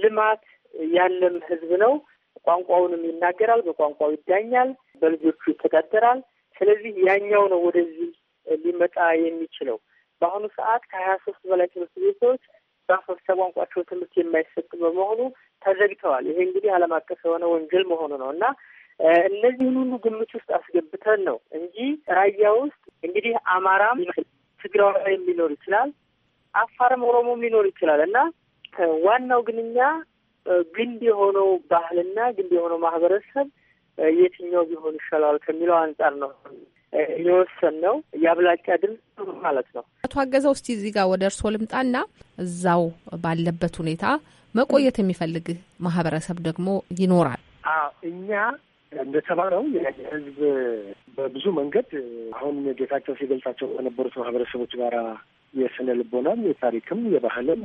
ልማት ያለም ህዝብ ነው። ቋንቋውንም ይናገራል፣ በቋንቋው ይዳኛል፣ በልጆቹ ይተዳደራል። ስለዚህ ያኛው ነው ወደዚህ ሊመጣ የሚችለው። በአሁኑ ሰዓት ከሀያ ሶስት በላይ ትምህርት ቤቶች በአፈርሳ ቋንቋቸው ትምህርት የማይሰጥ በመሆኑ ተዘግተዋል። ይሄ እንግዲህ ዓለም አቀፍ የሆነ ወንጀል መሆኑ ነው እና እነዚህን ሁሉ ግምት ውስጥ አስገብተን ነው እንጂ ራያ ውስጥ እንግዲህ አማራም ትግራዋይም ሊኖር ይችላል፣ አፋርም ኦሮሞም ሊኖር ይችላል እና ዋናው ግን እኛ ግንድ የሆነው ባህልና ግንድ የሆነው ማህበረሰብ የትኛው ቢሆን ይሻላል ከሚለው አንጻር ነው የወሰን ነው የአብላጫ ድምፅ ማለት ነው። አቶ አገዛው እስቲ እዚህ ጋር ወደ እርስዎ ልምጣና እዛው ባለበት ሁኔታ መቆየት የሚፈልግ ማህበረሰብ ደግሞ ይኖራል። እኛ እንደተባለው ህዝብ በብዙ መንገድ አሁን ጌታቸው ሲገልጻቸው ከነበሩት ማህበረሰቦች ጋር የስነ ልቦናም፣ የታሪክም፣ የባህልም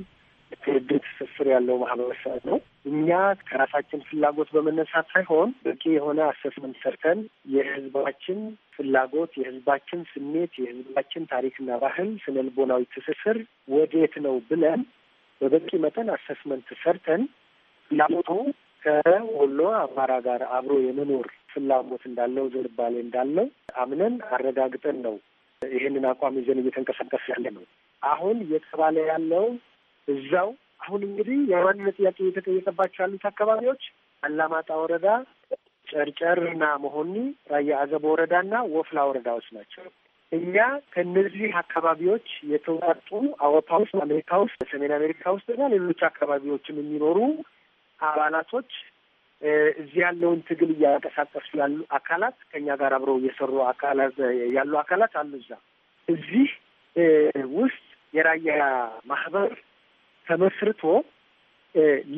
ትውልድ ትስስር ያለው ማህበረሰብ ነው። እኛ ከራሳችን ፍላጎት በመነሳት ሳይሆን በቂ የሆነ አሰስመንት ሰርተን የህዝባችን ፍላጎት፣ የህዝባችን ስሜት፣ የህዝባችን ታሪክና ባህል፣ ስነ ልቦናዊ ትስስር ወዴት ነው ብለን በበቂ መጠን አሰስመንት ሰርተን ፍላጎቱ ከወሎ አማራ ጋር አብሮ የመኖር ፍላጎት እንዳለው ዝንባሌ እንዳለው አምነን አረጋግጠን ነው ይህንን አቋም ይዘን እየተንቀሳቀስ ያለ ነው። አሁን እየተባለ ያለው እዛው አሁን እንግዲህ የማንነት ጥያቄ እየተጠየቀባቸው ያሉት አካባቢዎች አላማጣ ወረዳ፣ ጨርጨርና መሆኒ፣ ራያ አዘብ ወረዳና ወፍላ ወረዳዎች ናቸው። እኛ ከእነዚህ አካባቢዎች የተውጣጡ አውሮፓ ውስጥ፣ አሜሪካ ውስጥ፣ በሰሜን አሜሪካ ውስጥና ሌሎች አካባቢዎችም የሚኖሩ አባላቶች እዚህ ያለውን ትግል እያንቀሳቀሱ ያሉ አካላት ከኛ ጋር አብረው እየሰሩ አካላት ያሉ አካላት አሉ። እዛ እዚህ ውስጥ የራያ ማህበር ተመስርቶ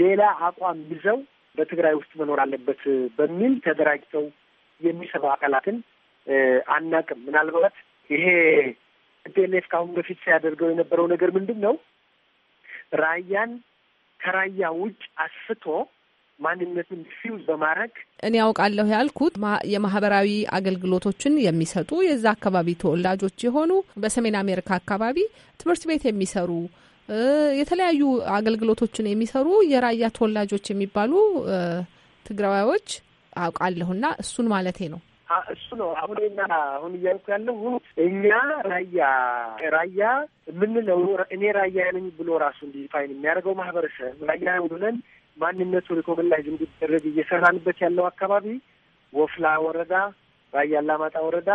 ሌላ አቋም ይዘው በትግራይ ውስጥ መኖር አለበት በሚል ተደራጅተው የሚሰሩ አካላትን አናቅም። ምናልባት ይሄ ቲፒኤልኤፍ ከአሁን በፊት ሲያደርገው የነበረው ነገር ምንድን ነው? ራያን ከራያ ውጭ አስቶ ማንነቱን ፊውዝ በማድረግ እኔ ያውቃለሁ ያልኩት የማህበራዊ አገልግሎቶችን የሚሰጡ የዛ አካባቢ ተወላጆች የሆኑ በሰሜን አሜሪካ አካባቢ ትምህርት ቤት የሚሰሩ የተለያዩ አገልግሎቶችን የሚሰሩ የራያ ተወላጆች የሚባሉ ትግራዋዮች አውቃለሁና እሱን ማለቴ ነው። እሱ ነው አሁን ና አሁን እያልኩ ያለሁ እኛ ራያ ራያ የምንለው እኔ ራያ ነኝ ብሎ ራሱ እንዲፋይን የሚያደርገው ማህበረሰብ ራያ ብለን ማንነቱ ሪኮግናይዝ እንዲደረግ እየሰራንበት ያለው አካባቢ ወፍላ ወረዳ፣ ራያ አላማጣ ወረዳ፣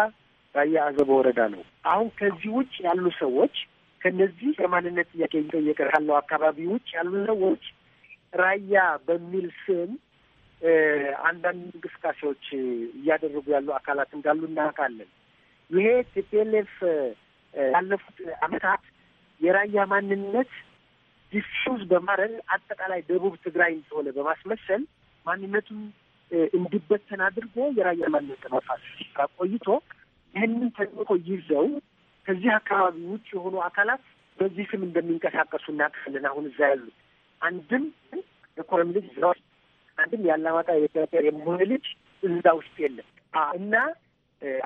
ራያ አዘቦ ወረዳ ነው። አሁን ከዚህ ውጭ ያሉ ሰዎች ከነዚህ የማንነት ጥያቄ እየጠየቀ ካለው አካባቢ ውጭ ያሉ ሰዎች ራያ በሚል ስም አንዳንድ እንቅስቃሴዎች እያደረጉ ያሉ አካላት እንዳሉ እናውቃለን። ይሄ ቲፒኤልኤፍ ያለፉት አመታት የራያ ማንነት ዲስዩዝ በማድረግ አጠቃላይ ደቡብ ትግራይ እንደሆነ በማስመሰል ማንነቱን እንዲበተን አድርጎ የራያ ማንነት ለመፋስ ቆይቶ ይህንን ተልዕኮ ይዘው ከዚህ አካባቢ ውጭ የሆኑ አካላት በዚህ ስም እንደሚንቀሳቀሱ እናውቃለን። አሁን እዛ ያሉት አንድም የኮረም ልጅ አንድም የአላማጣ የኢትዮጵያ የመሆን ልጅ እዛ ውስጥ የለም እና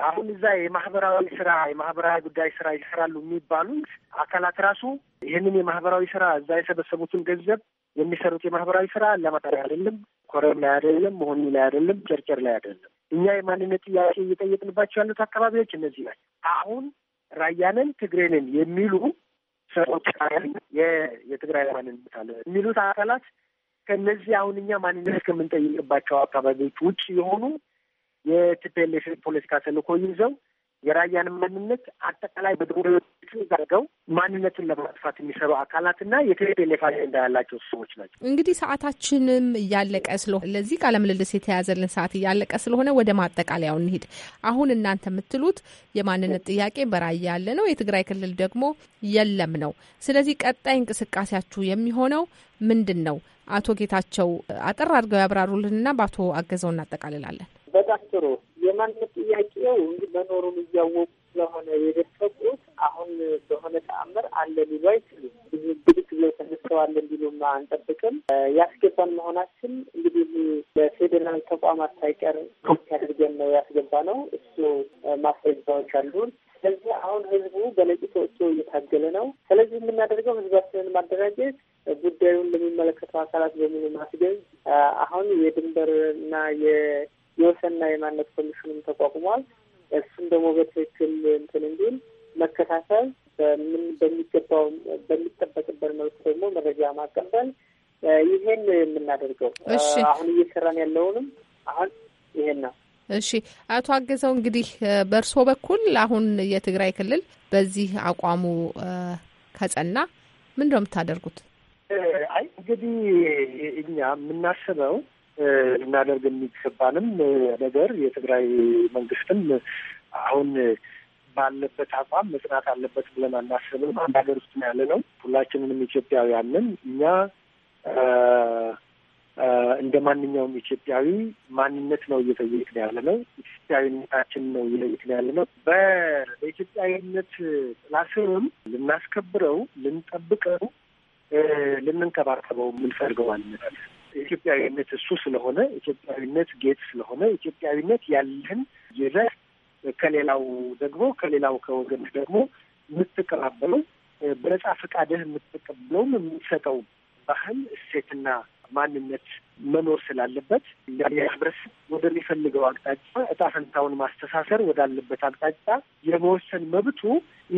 አሁን እዛ የማህበራዊ ስራ የማህበራዊ ጉዳይ ስራ ይሰራሉ የሚባሉት አካላት ራሱ ይህንን የማህበራዊ ስራ እዛ የሰበሰቡትን ገንዘብ የሚሰሩት የማህበራዊ ስራ አላማጣ ላይ አይደለም፣ ኮረም ላይ አይደለም፣ መሆኑ ላይ አይደለም፣ ጨርጨር ላይ አይደለም። እኛ የማንነት ጥያቄ እየጠየቅንባቸው ያሉት አካባቢዎች እነዚህ ናቸው። አሁን ራያንን ትግሬንን የሚሉ ሰዎች የትግራይ ማንነት አለ የሚሉት አካላት ከእነዚህ አሁን እኛ ማንነት ከምንጠይቅባቸው አካባቢዎች ውጭ የሆኑ የቲፒኤልኤፍ ፖለቲካ ተልዕኮ ይዘው የራያን ማንነት አጠቃላይ በድሮች ዘርገው ማንነትን ለማጥፋት የሚሰሩ አካላትና የቲፒኤልኤፍ አጀንዳ ያላቸው ሰዎች ናቸው። እንግዲህ ሰዓታችንም እያለቀ ስለሆነ ለዚህ ቃለ ምልልስ የተያዘልን ሰዓት እያለቀ ስለሆነ ወደ ማጠቃለያው እንሂድ። አሁን እናንተ የምትሉት የማንነት ጥያቄ በራያ ያለ ነው፣ የትግራይ ክልል ደግሞ የለም ነው። ስለዚህ ቀጣይ እንቅስቃሴያችሁ የሚሆነው ምንድን ነው? አቶ ጌታቸው አጠር አድርገው ያብራሩልንና በአቶ አገዘው እናጠቃልላለን። በጣም ጥሩ የማንነት ጥያቄው እንግዲህ መኖሩን እያወቁ ስለሆነ የደፈቁት አሁን በሆነ ተአምር አለ ሊሉ አይችሉም። ብዙ ብድግ ብለው ተነስተዋል እንዲሉም አንጠብቅም። ያስገባን መሆናችን እንግዲህ ለፌዴራል ተቋማት ሳይቀር ያድርገን ነው ያስገባ ነው። እሱ ማስረጃዎች አሉን። ስለዚህ አሁን ህዝቡ በነቂስ ወጥቶ እየታገለ ነው። ስለዚህ የምናደርገው ህዝባችንን ማደራጀት፣ ጉዳዩን ለሚመለከተው አካላት በሙሉ ማስገዝ። አሁን የድንበርና የወሰንና የማንነት ኮሚሽኑም ተቋቁሟል። እሱም ደግሞ በትክክል እንትን እንዲል መከታተል በምን በሚገባው በሚጠበቅበት መልኩ ደግሞ መረጃ ማቀበል ይሄን የምናደርገው አሁን እየሰራን ያለውንም አሁን ይሄን ነው። እሺ አቶ አገዘው እንግዲህ በእርስዎ በኩል አሁን የትግራይ ክልል በዚህ አቋሙ ከጸና ምን ነው የምታደርጉት? አይ እንግዲህ እኛ የምናስበው ልናደርግ የሚገባንም ነገር የትግራይ መንግስትም አሁን ባለበት አቋም መጽናት አለበት ብለን አናስብም። አንድ ሀገር ውስጥ ነው ያለ ነው። ሁላችንንም ኢትዮጵያውያንን እኛ እንደ ማንኛውም ኢትዮጵያዊ ማንነት ነው እየጠየቅን ያለ ነው። ኢትዮጵያዊነታችን ነው እየጠየቅን ያለ ነው። በኢትዮጵያዊነት ጥላ ስርም ልናስከብረው፣ ልንጠብቀው፣ ልንንከባከበው የምንፈልገው ማንነት አለ። ኢትዮጵያዊነት እሱ ስለሆነ ኢትዮጵያዊነት ጌት ስለሆነ ኢትዮጵያዊነት ያለን ይዘህ ከሌላው ደግሞ ከሌላው ከወገንህ ደግሞ የምትቀባበለው በነጻ ፈቃድህ የምትቀብለውም የምትሰጠው ባህል እሴትና ማንነት መኖር ስላለበት ማህበረሰብ ወደሚፈልገው አቅጣጫ እጣ ፈንታውን ማስተሳሰር ወዳለበት አቅጣጫ የመወሰን መብቱ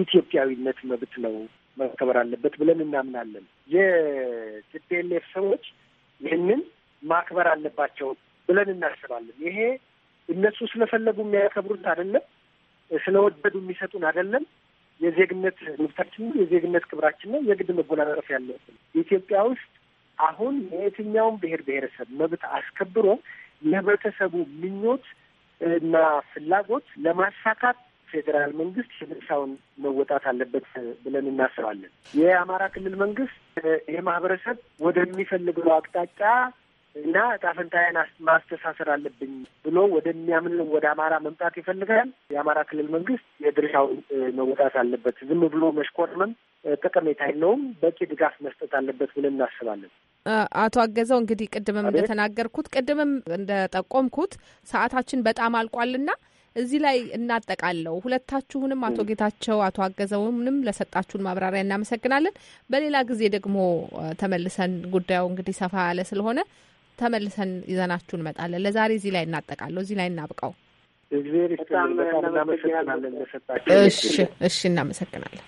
ኢትዮጵያዊነት መብት ነው፣ መከበር አለበት ብለን እናምናለን። የቲፒኤልኤፍ ሰዎች ይህንን ማክበር አለባቸው ብለን እናስባለን። ይሄ እነሱ ስለፈለጉ የሚያከብሩት አይደለም፣ ስለወደዱ የሚሰጡን አይደለም። የዜግነት መብታችን የዜግነት ክብራችን ነው የግድ መጎናጸፍ ያለብን። ኢትዮጵያ ውስጥ አሁን የየትኛውን ብሔር ብሔረሰብ መብት አስከብሮ የህብረተሰቡ ምኞት እና ፍላጎት ለማሳካት ፌዴራል መንግስት የድርሻውን መወጣት አለበት ብለን እናስባለን። የአማራ ክልል መንግስት የማህበረሰብ ወደሚፈልገው አቅጣጫ እና ጣፍንታዬን ማስተሳሰር አለብኝ ብሎ ወደሚያምን ወደ አማራ መምጣት ይፈልጋል። የአማራ ክልል መንግስት የድርሻውን መወጣት አለበት። ዝም ብሎ መሽኮርመም ጠቀሜታ የለውም። በቂ ድጋፍ መስጠት አለበት ብለን እናስባለን። አቶ አገዘው እንግዲህ ቅድምም እንደተናገርኩት ቅድምም እንደጠቆምኩት ሰዓታችን በጣም አልቋልና እዚህ ላይ እናጠቃለው። ሁለታችሁንም አቶ ጌታቸው፣ አቶ አገዘውንም ለሰጣችሁን ማብራሪያ እናመሰግናለን። በሌላ ጊዜ ደግሞ ተመልሰን ጉዳዩ እንግዲህ ሰፋ ያለ ስለሆነ ተመልሰን ይዘናችሁ እንመጣለን። ለዛሬ እዚህ ላይ እናጠቃለሁ፣ እዚህ ላይ እናብቃው። እሺ፣ እሺ፣ እናመሰግናለን።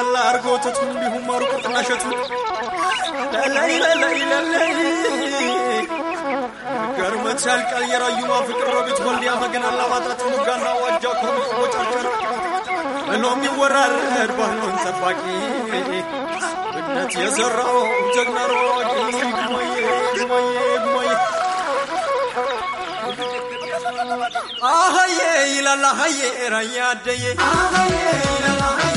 ጠላ አርገ ወተቱ እንዲሁም ማሩ ቁርጥና ሸቱ ገርመት ሲያልቃል የራዩማ ፍቅር ሮቢት ወልዲያ መገና ላማጣት ሙጋና ዋጃ ኮሚ ወጫቸር እኖ የሚወራረድ ባህሎን ጠባቂ ብነት የሰራው ጀግና ሯዋቂ ጉማዬ ጉማዬ ጉማዬ አሀዬ ይላል አሀዬ ራያ አደዬ አሀዬ ይላል አሀዬ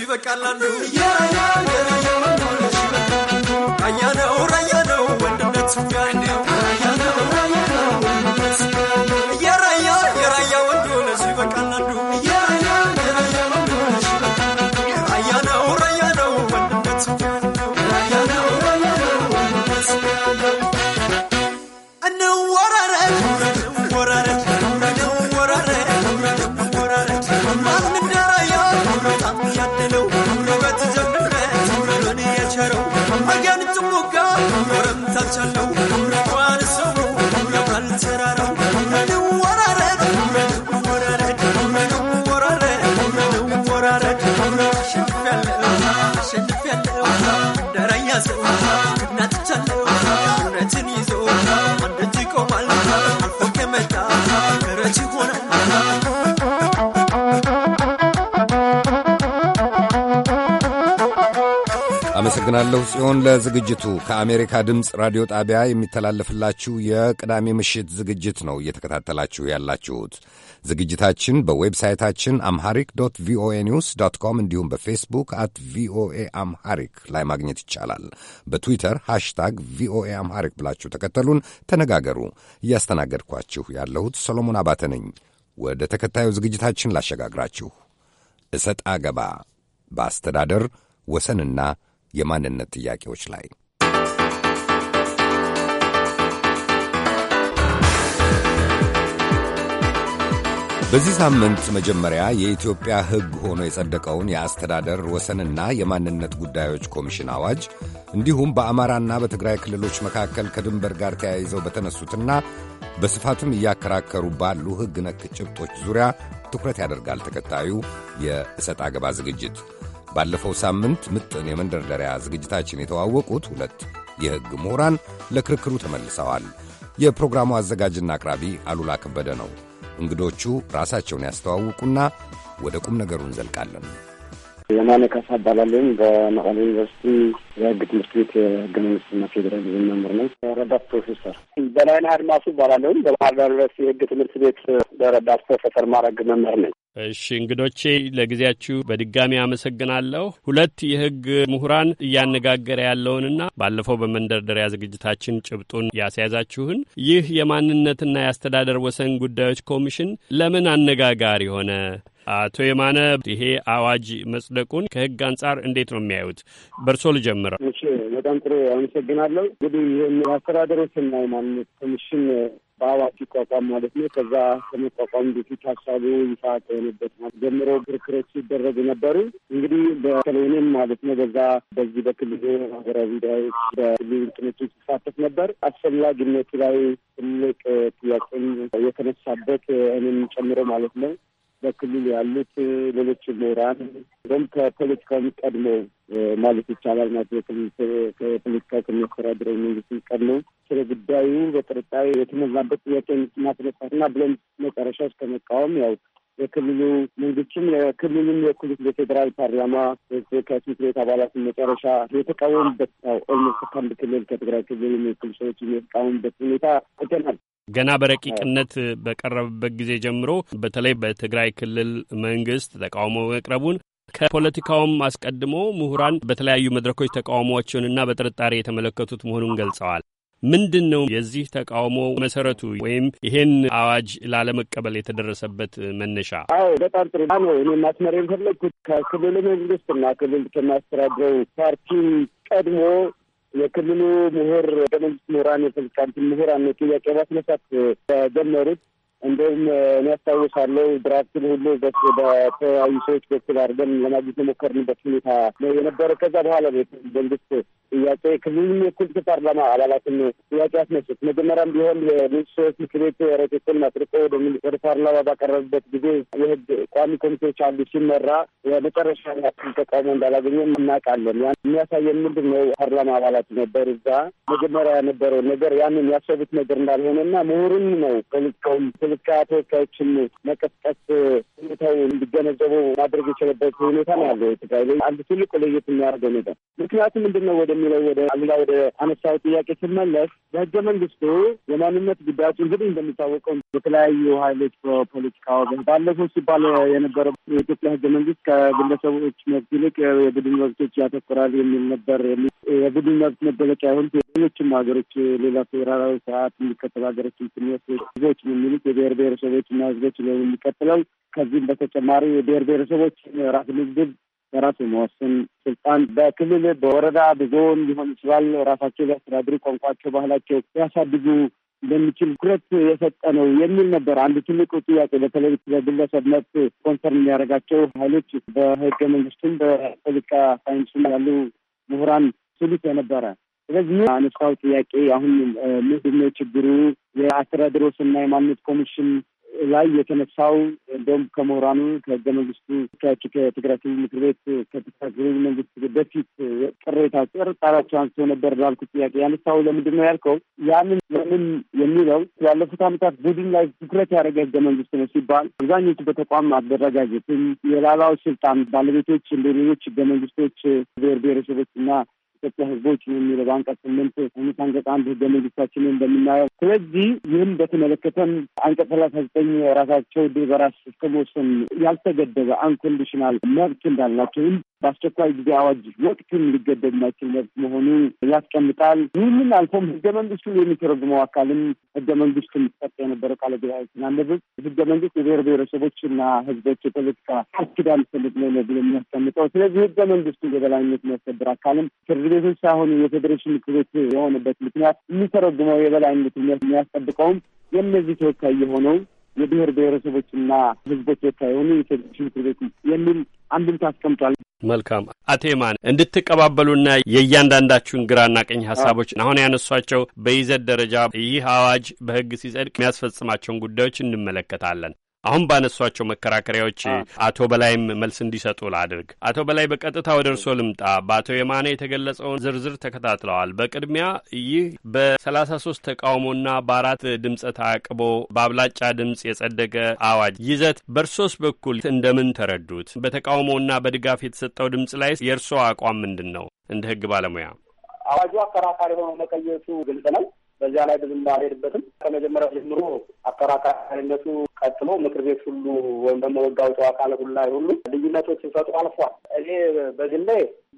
ይበቃል አንዱ ዝግጅቱ ከአሜሪካ ድምፅ ራዲዮ ጣቢያ የሚተላለፍላችሁ የቅዳሜ ምሽት ዝግጅት ነው እየተከታተላችሁ ያላችሁት። ዝግጅታችን በዌብሳይታችን አምሃሪክ ዶት ቪኦኤ ኒውስ ዶት ኮም እንዲሁም በፌስቡክ አት ቪኦኤ አምሃሪክ ላይ ማግኘት ይቻላል። በትዊተር ሃሽታግ ቪኦኤ አምሃሪክ ብላችሁ ተከተሉን፣ ተነጋገሩ። እያስተናገድኳችሁ ያለሁት ሰሎሞን አባተ ነኝ። ወደ ተከታዩ ዝግጅታችን ላሸጋግራችሁ። እሰጥ አገባ በአስተዳደር ወሰንና የማንነት ጥያቄዎች ላይ በዚህ ሳምንት መጀመሪያ የኢትዮጵያ ሕግ ሆኖ የጸደቀውን የአስተዳደር ወሰንና የማንነት ጉዳዮች ኮሚሽን አዋጅ እንዲሁም በአማራና በትግራይ ክልሎች መካከል ከድንበር ጋር ተያይዘው በተነሱትና በስፋትም እያከራከሩ ባሉ ሕግ ነክ ጭብጦች ዙሪያ ትኩረት ያደርጋል ተከታዩ የእሰጥ አገባ ዝግጅት። ባለፈው ሳምንት ምጥን የመንደርደሪያ ዝግጅታችን የተዋወቁት ሁለት የሕግ ምሁራን ለክርክሩ ተመልሰዋል። የፕሮግራሙ አዘጋጅና አቅራቢ አሉላ ከበደ ነው። እንግዶቹ ራሳቸውን ያስተዋውቁና ወደ ቁም ነገሩ እንዘልቃለን። የማነ ካሳ እባላለሁ። በመቀሌ ዩኒቨርሲቲ የህግ ትምህርት ቤት የህገ መንግስትና ፌዴራሊዝም መምህር ነው፣ ረዳት ፕሮፌሰር። በላይነህ አድማሱ እባላለሁ። በባህር ዳር ዩኒቨርሲቲ የህግ ትምህርት ቤት በረዳት ፕሮፌሰር ማዕረግ መምህር ነኝ። እሺ እንግዶቼ ለጊዜያችሁ በድጋሚ አመሰግናለሁ። ሁለት የህግ ምሁራን እያነጋገረ ያለውንና ባለፈው በመንደርደሪያ ዝግጅታችን ጭብጡን ያስያዛችሁን ይህ የማንነትና የአስተዳደር ወሰን ጉዳዮች ኮሚሽን ለምን አነጋጋሪ ሆነ? አቶ የማነ ይሄ አዋጅ መጽደቁን ከህግ አንጻር እንዴት ነው የሚያዩት? በእርሶ ልጀምረ። እሺ፣ በጣም ጥሩ አመሰግናለሁ። እንግዲህ ይህን አስተዳደሮችና የማንነት ኮሚሽን በአዋጅ ይቋቋም ማለት ነው። ከዛ ከመቋቋም በፊት ሀሳቡ ይፋ ከሆነበት ጀምሮ ክርክሮች ሲደረጉ ነበሩ። እንግዲህ በተለይኔም ማለት ነው በዛ በዚህ በክልሉ ሀገራዊ ጉዳዮች በክልሉ እንትኖች ሲሳተፍ ነበር። አስፈላጊነቱ ላይ ትልቅ ጥያቄም የተነሳበት እኔም ጨምሮ ማለት ነው በክልል ያሉት ሌሎች ምሁራን እንደውም ከፖለቲካው ቀድመው ማለት ይቻላል ማለት ከፖለቲካ ከሚያስተዳድረው መንግስት ቀድመው ስለ ጉዳዩ በጥርጣሬ የተሞላበት ጥያቄ ማስነሳትና ብለን መጨረሻ እስከ መቃወም ያው የክልሉ መንግስትም የክልሉም የኩሉት በፌዴራል ፓርላማ ተወካዮች ምክር ቤት አባላትን መጨረሻ የተቃወሙበት ኦልሞስት ከአንድ ክልል ከትግራይ ክልል የሚክል ሰዎች የሚቃወሙበት ሁኔታ እተናል። ገና በረቂቅነት በቀረበበት ጊዜ ጀምሮ በተለይ በትግራይ ክልል መንግስት ተቃውሞ መቅረቡን ከፖለቲካውም አስቀድሞ ምሁራን በተለያዩ መድረኮች ተቃውሟቸውንና በጥርጣሬ የተመለከቱት መሆኑን ገልጸዋል። ምንድን ነው የዚህ ተቃውሞ መሰረቱ ወይም ይሄን አዋጅ ላለመቀበል የተደረሰበት መነሻ? አዎ በጣም ጥሩ ነው። እኔ ማስመር የፈለግኩት ከክልል መንግስት እና ክልል ከሚያስተዳድረው ፓርቲ ቀድሞ የክልሉ ምሁር በመንግስት ምሁራን የፖለቲካ ምሁራን ጥያቄ ማስነሳት ጀመሩት። እንደውም እኔ አስታውሳለሁ ድራፍትን ሁሉ በተለያዩ ሰዎች በኩል አድርገን ለማግኘት የሞከርንበት ሁኔታ ነው የነበረ። ከዛ በኋላ ነው መንግስት ጥያቄ ክልሉም የኩልት ፓርላማ አባላትን ጥያቄ ያስነሱት መጀመሪያም ቢሆን የንጹ ምክር ቤት ረቂቁን አጽድቆ ወደ ፓርላማ ባቀረበበት ጊዜ የህግ ቋሚ ኮሚቴዎች አሉ ሲመራ የመጨረሻ ያክል ተቃውሞ እንዳላገኘ እናውቃለን። የሚያሳየን ምንድን ነው? ፓርላማ አባላት ነበር እዛ መጀመሪያ የነበረው ነገር ያንን ያሰቡት ነገር እንዳልሆነ እንዳልሆነና ምሁርን ነው ፖለቲካውን ፖለቲካ ተወካዮችን መቀስቀስ ሁኔታው እንዲገነዘቡ ማድረግ የችለበት ሁኔታ ነው ያለው። ትግራይ ላይ አንድ ትልቁ ለየት የሚያደርገው ነገር ምክንያቱም ምንድን ነው ወደ ወደሚለው ወደ አሉላ ወደ አነሳው ጥያቄ ስመለስ በህገ መንግስቱ የማንነት ጉዳዮች እንግዲህ እንደሚታወቀው የተለያዩ ሀይሎች በፖለቲካ ወገን ባለፈው ሲባል የነበረው የኢትዮጵያ ህገ መንግስት ከግለሰቦች መብት ይልቅ የቡድን መብቶች ያተኩራል የሚል ነበር። የቡድን መብት መደበቂያ የሆኑት ሌሎችም ሀገሮች ሌላ ፌዴራላዊ ስርዓት የሚከተሉ ሀገሮችን ስንወስድ ህዝቦች የሚሉት የብሔር ብሔረሰቦች እና ህዝቦች ሊሆን የሚቀጥለው ከዚህም በተጨማሪ የብሔር ብሔረሰቦች ራስ ምግብ በራስ የመወሰን ስልጣን በክልል በወረዳ በዞን ሊሆን ይችላል። ራሳቸው ሊያስተዳድሩ ቋንቋቸው፣ ባህላቸው ሊያሳድጉ እንደሚችል ትኩረት የሰጠ ነው የሚል ነበር። አንድ ትልቁ ጥያቄ በተለይ በግለሰብ መብት ኮንሰርን የሚያደርጋቸው ኃይሎች በህገ መንግስቱም በፖለቲካ ሳይንሱም ያሉ ምሁራን ስሉት የነበረ ስለዚህ አነሳው ጥያቄ አሁን ምንድነው ችግሩ? የአስተዳደር ወሰንና የማንነት ኮሚሽን ላይ የተነሳው እንደውም ከምሁራኑ ከህገ መንግስቱ ቻች ከትግራይ ክልል ምክር ቤት ከትግራይ ክልል መንግስት በፊት ቅሬታ ጥርጣሬያቸው አንስቶ ነበር ላልኩ ጥያቄ ያነሳው ለምንድን ነው ያልከው፣ ያንን ለምን የሚለው ያለፉት ዓመታት ቡድን ላይ ትኩረት ያደረገ ህገ መንግስት ነው ሲባል አብዛኞቹ በተቋም አደረጃጀትም የላላው ስልጣን ባለቤቶች እንደ ሌሎች ህገ መንግስቶች ብሔር ብሔረሰቦች እና የኢትዮጵያ ሕዝቦች የሚለው በአንቀጽ ስምንት ንዑስ አንቀጽ አንድ ህገ መንግስታችን እንደምናየው። ስለዚህ ይህም በተመለከተም አንቀጽ ሰላሳ ዘጠኝ ራሳቸው በራስ እስከ መወሰን ያልተገደበ አንኮንዲሽናል መብት እንዳላቸው በአስቸኳይ ጊዜ አዋጅ ወቅትም ሊገደብ የማይችል መብት መሆኑ ያስቀምጣል። ይህንን አልፎም ህገ መንግስቱ የሚተረጉመው አካልም ህገ መንግስቱ የሚሰጠ የነበረው ቃለ ጉባኤ ስናነብ ህገ መንግስት የብሔር ብሔረሰቦች እና ህዝቦች የፖለቲካ አስኪዳ ሊፈልግ ነው ብሎ የሚያስቀምጠው። ስለዚህ ህገ መንግስቱ የበላይነት የሚያስከብር አካልም ፍርድ ቤቶች አሁን የፌዴሬሽን ምክር ቤት የሆነበት ምክንያት የሚተረጉመው የበላይነት የሚያስጠብቀውም የእነዚህ ተወካይ የሆነው የብሔር ብሔረሰቦችና ሕዝቦች ተወካይ የሆኑ የፌዴሬሽን ምክር ቤት የሚል አንድምታ አስቀምጧል። መልካም አቴማን እንድትቀባበሉና የእያንዳንዳችሁን ግራና ቀኝ ሀሳቦች አሁን ያነሷቸው በይዘት ደረጃ ይህ አዋጅ በህግ ሲጸድቅ የሚያስፈጽማቸውን ጉዳዮች እንመለከታለን። አሁን ባነሷቸው መከራከሪያዎች አቶ በላይም መልስ እንዲሰጡ ላድርግ። አቶ በላይ በቀጥታ ወደ እርስዎ ልምጣ። በአቶ የማነ የተገለጸውን ዝርዝር ተከታትለዋል። በቅድሚያ ይህ በሰላሳ ሶስት ተቃውሞና በአራት ድምፀ ተአቅቦ በአብላጫ ድምፅ የጸደቀ አዋጅ ይዘት በእርሶስ በኩል እንደምን ተረዱት? በተቃውሞና በድጋፍ የተሰጠው ድምፅ ላይ የእርስዎ አቋም ምንድን ነው? እንደ ህግ ባለሙያ አዋጁ አከራካሪ ሆኖ መቀየሱ ግልጽ ነው። በዚያ ላይ ብዙም አልሄድበትም። ከመጀመሪያ ጀምሮ አከራካሪነቱ ቀጥሎ ምክር ቤት ሁሉ ወይም ደግሞ ሕግ አውጪው አካል ሁሉ ላይ ሁሉ ልዩነቶች ይፈጡ አልፏል። እኔ በግሌ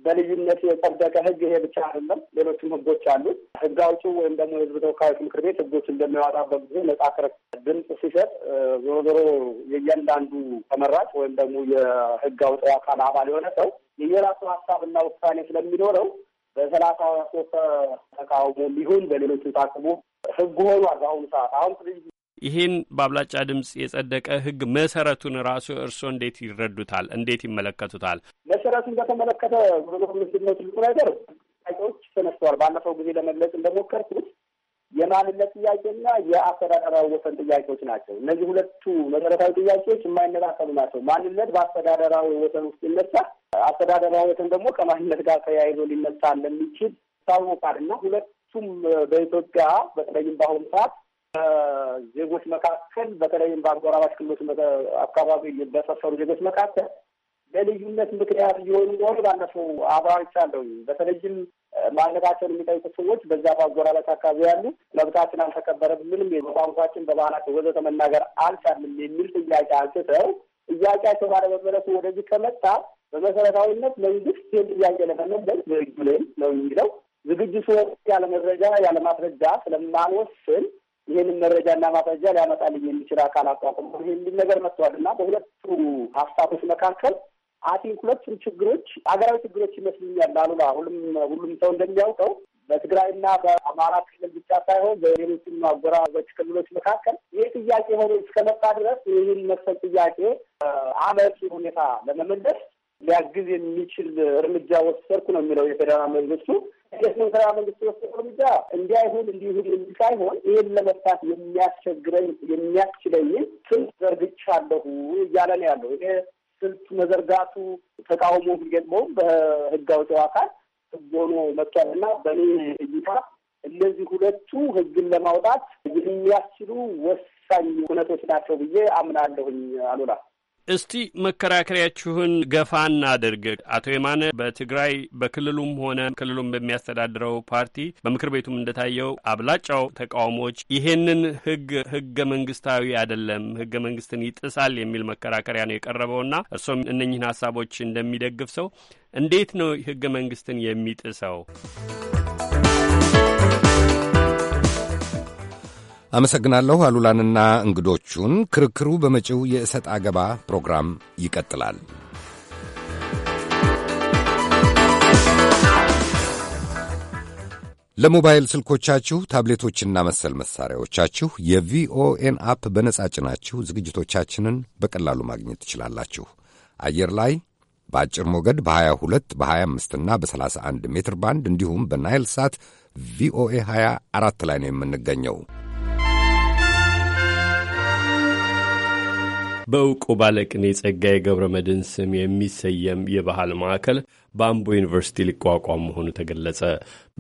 በልዩነት የጸደቀ ህግ ይሄ ብቻ አይደለም፣ ሌሎችም ህጎች አሉ። ሕግ አውጪው ወይም ደግሞ የህዝብ ተወካዮች ምክር ቤት ህጎች እንደሚያወጣበት ጊዜ ነጻ ክርክር ድምፅ ሲሰጥ ዞሮ ዞሮ የእያንዳንዱ ተመራጭ ወይም ደግሞ የሕግ አውጪው አካል አባል የሆነ ሰው የየራሱ ሀሳብና ውሳኔ ስለሚኖረው በሰላሳ ሶስት ተቃውሞ ሊሆን በሌሎቹ ታስቦ ህግ ሆኗል። በአሁኑ ሰዓት አሁን ይህን በአብላጫ ድምፅ የጸደቀ ህግ መሰረቱን ራሱ እርስዎ እንዴት ይረዱታል? እንዴት ይመለከቱታል? መሰረቱን በተመለከተ ምንድነው ትልቁ ነገር ጥያቄዎች ተነስተዋል። ባለፈው ጊዜ ለመግለጽ እንደሞከርኩት የማንነት ጥያቄና የአስተዳደራዊ ወሰን ጥያቄዎች ናቸው። እነዚህ ሁለቱ መሰረታዊ ጥያቄዎች የማይነጣጠሉ ናቸው። ማንነት በአስተዳደራዊ ወሰን ውስጥ ይነሳ፣ አስተዳደራዊ ወሰን ደግሞ ከማንነት ጋር ተያይዞ ሊነሳ እንደሚችል ይታወቃል እና ሁለቱም በኢትዮጵያ በተለይም በአሁኑ ሰዓት ዜጎች መካከል በተለይም በአጎራባች ክልሎች አካባቢ በሰፈሩ ዜጎች መካከል በልዩነት ምክንያት እየሆኑ እንደሆነ ባለፈው አብራርቻለሁ። በተለይም ማንነታቸውን የሚጠይቁ ሰዎች በዛ በአጎራባች አካባቢ ያሉ መብታችን አልተከበረም፣ ምንም በቋንቋችን፣ በባህላችን ወዘተ መናገር አልቻልም የሚል ጥያቄ አንስተው ጥያቄያቸው ባለመመለሱ ወደዚህ ከመጣ በመሰረታዊነት መንግስት ይህን ጥያቄ ለመመለስ ዝግጁ ነኝ ነው የሚለው። ዝግጁ ሰዎች ያለ መረጃ ያለ ማስረጃ ስለማንወስን ይህንን መረጃና ማስረጃ ሊያመጣልኝ የሚችል አካል አቋቁሞ ይህን ነገር መጥተዋል እና በሁለቱ ሀሳቦች መካከል አቲንክ ሁለቱም ችግሮች ሀገራዊ ችግሮች ይመስሉኛል። አሉላ ሁሉም ሁሉም ሰው እንደሚያውቀው በትግራይና በአማራ ክልል ብቻ ሳይሆን በሌሎችም አጎራባች ክልሎች መካከል ይህ ጥያቄ ሆኖ እስከመጣ ድረስ ይህን መሰል ጥያቄ አመቺ ሁኔታ ለመመለስ ሊያግዝ የሚችል እርምጃ ወሰድኩ ነው የሚለው የፌደራል መንግስቱ። እንዴት ነው ፌዴራል መንግስቱ እርምጃ እንዲህ አይሁን እንዲህ እንዲህ ሳይሆን ይህን ለመፍታት የሚያስቸግረኝ የሚያስችለኝን ስም ዘርግቻለሁ እያለ ነው ያለው። ይሄ ስልት መዘርጋቱ ተቃውሞ ቢገጥመውም በህግ አውጪው አካል ህግ ሆኖ መጥቷልና በእኔ እይታ እነዚህ ሁለቱ ህግን ለማውጣት የሚያስችሉ ወሳኝ እውነቶች ናቸው ብዬ አምናለሁኝ። አሉላ እስቲ መከራከሪያችሁን ገፋ እናድርግ። አቶ የማነ በትግራይ በክልሉም ሆነ ክልሉም በሚያስተዳድረው ፓርቲ በምክር ቤቱም እንደታየው አብላጫው ተቃውሞዎች ይሄንን ህግ ህገ መንግስታዊ አይደለም፣ ህገ መንግስትን ይጥሳል የሚል መከራከሪያ ነው የቀረበውና እርሶም እነኝህን ሀሳቦች እንደሚደግፍ ሰው እንዴት ነው ህገ መንግስትን የሚጥሰው? አመሰግናለሁ አሉላንና እንግዶቹን። ክርክሩ በመጪው የእሰጥ አገባ ፕሮግራም ይቀጥላል። ለሞባይል ስልኮቻችሁ ታብሌቶችና መሰል መሳሪያዎቻችሁ የቪኦኤን አፕ በነጻ ጭናችሁ ዝግጅቶቻችንን በቀላሉ ማግኘት ትችላላችሁ። አየር ላይ በአጭር ሞገድ በ22 በ25 እና በ31 ሜትር ባንድ እንዲሁም በናይል ሳት ቪኦኤ 24 ላይ ነው የምንገኘው። በእውቁ ባለቅኔ ጸጋዬ ገብረ መድን ስም የሚሰየም የባህል ማዕከል በአምቦ ዩኒቨርሲቲ ሊቋቋም መሆኑ ተገለጸ።